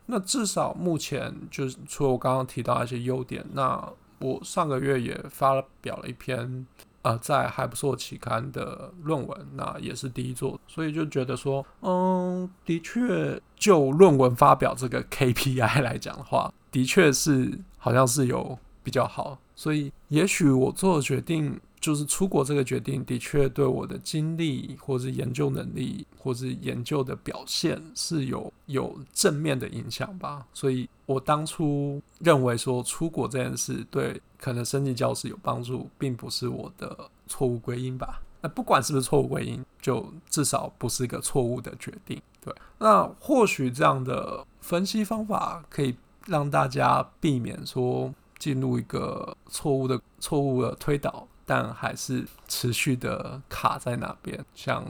那至少目前，就是除了我剛剛提到一些優點，那我上個月也發表了一篇呃，在還不錯期刊的論文，那也是第一作，所以就覺得說，嗯，的確就論文發表這個 KPI 來講的話，的確是好像是有比較好，所以也許我做的決定。就是出國這個決定，的確對我的精力，或是研究能力，或是研究的表現是有有正面的影響吧。所以我當初認為說，出國這件事對可能升級教師有幫助，並不是我的錯誤歸因吧。那不管是不是錯誤歸因，就至少不是一個錯誤的決定。對，那或許這樣的分析方法可以讓大家避免說進入一個錯誤的錯誤的推導。但還是持續的卡在那邊，像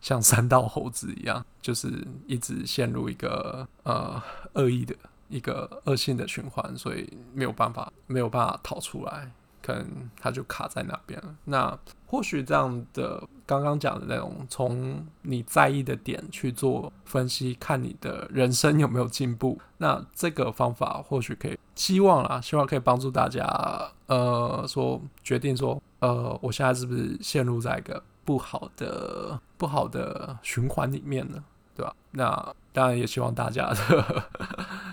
像三道猴子一樣，就是一直陷入一個呃惡意的一個惡性的循環，所以沒有辦法沒有辦法逃出來，可能它就卡在那邊了。那或許這樣的剛剛講的內容，從你在意的點去做分析，看你的人生有沒有進步，那這個方法或許可以，希望啦，希望可以幫助大家，呃，說決定說。呃，我現在是不是陷入在一個不好的、不好的循環裡面呢？對吧？那當然也希望大家的呵呵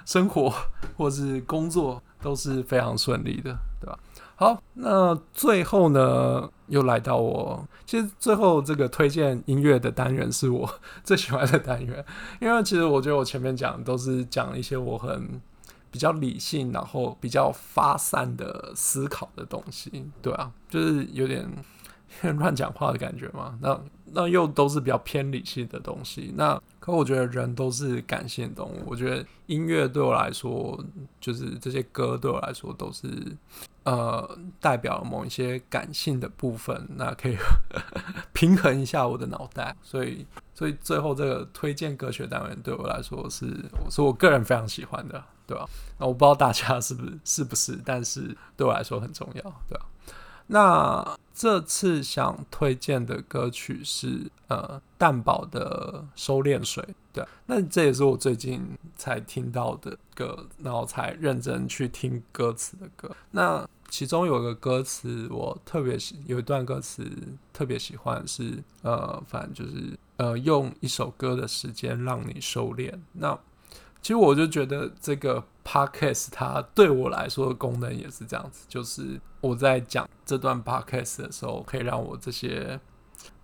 生活或是工作都是非常順利的，對吧？好，那最後呢，又來到我其實最後這個推薦音樂的單元是我最喜歡的單元，因為其實我覺得我前面講都是講一些我很。比較理性，然後比較發散的思考的東西，對啊，就是有點亂 講話的感覺嘛。那那又都是比較偏理性的東西。那可我覺得人都是感性的動物，我覺得音樂對我來說，就是這些歌對我來說都是呃代表某一些感性的部分，那可以 平衡一下我的腦袋。所以所以最後這個推薦歌曲單元對我來說是，是我個人非常喜歡的。對吧、啊？那我不知道大家是不是是不是，但是對我來說很重要，對吧、啊？那這次想推薦的歌曲是呃蛋堡的《收斂水》，對、啊，那這也是我最近才聽到的歌，然後才認真去聽歌詞的歌。那其中有一個歌詞我特別喜，有一段歌詞特別喜歡是呃，反正就是呃，用一首歌的時間讓你收斂。那其實我就覺得這個 podcast 它對我來說的功能也是這樣子，就是我在講這段 podcast 的時候，可以讓我這些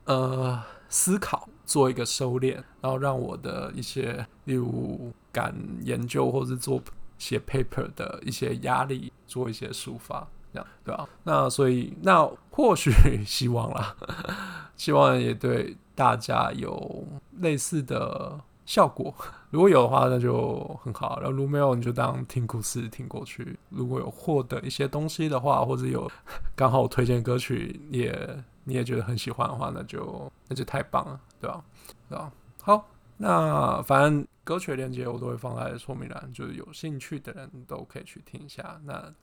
呃思考做一個收斂，然後讓我的一些例如趕研究或是做寫 paper 的一些壓力做一些抒發，這樣對吧，啊？那所以那或許 希望啦， 希望也對大家有類似的。效果，如果有的話，那就很好。然後如果沒有，你就當聽故事聽過去。如果有獲得一些東西的話，或者有剛好我推薦歌曲，也你也覺得很喜歡的話，那就那就太棒了，對吧、啊？對吧、啊？啊、好，那反正歌曲鏈接我都會放在說明欄，就是有興趣的人都可以去聽一下。那。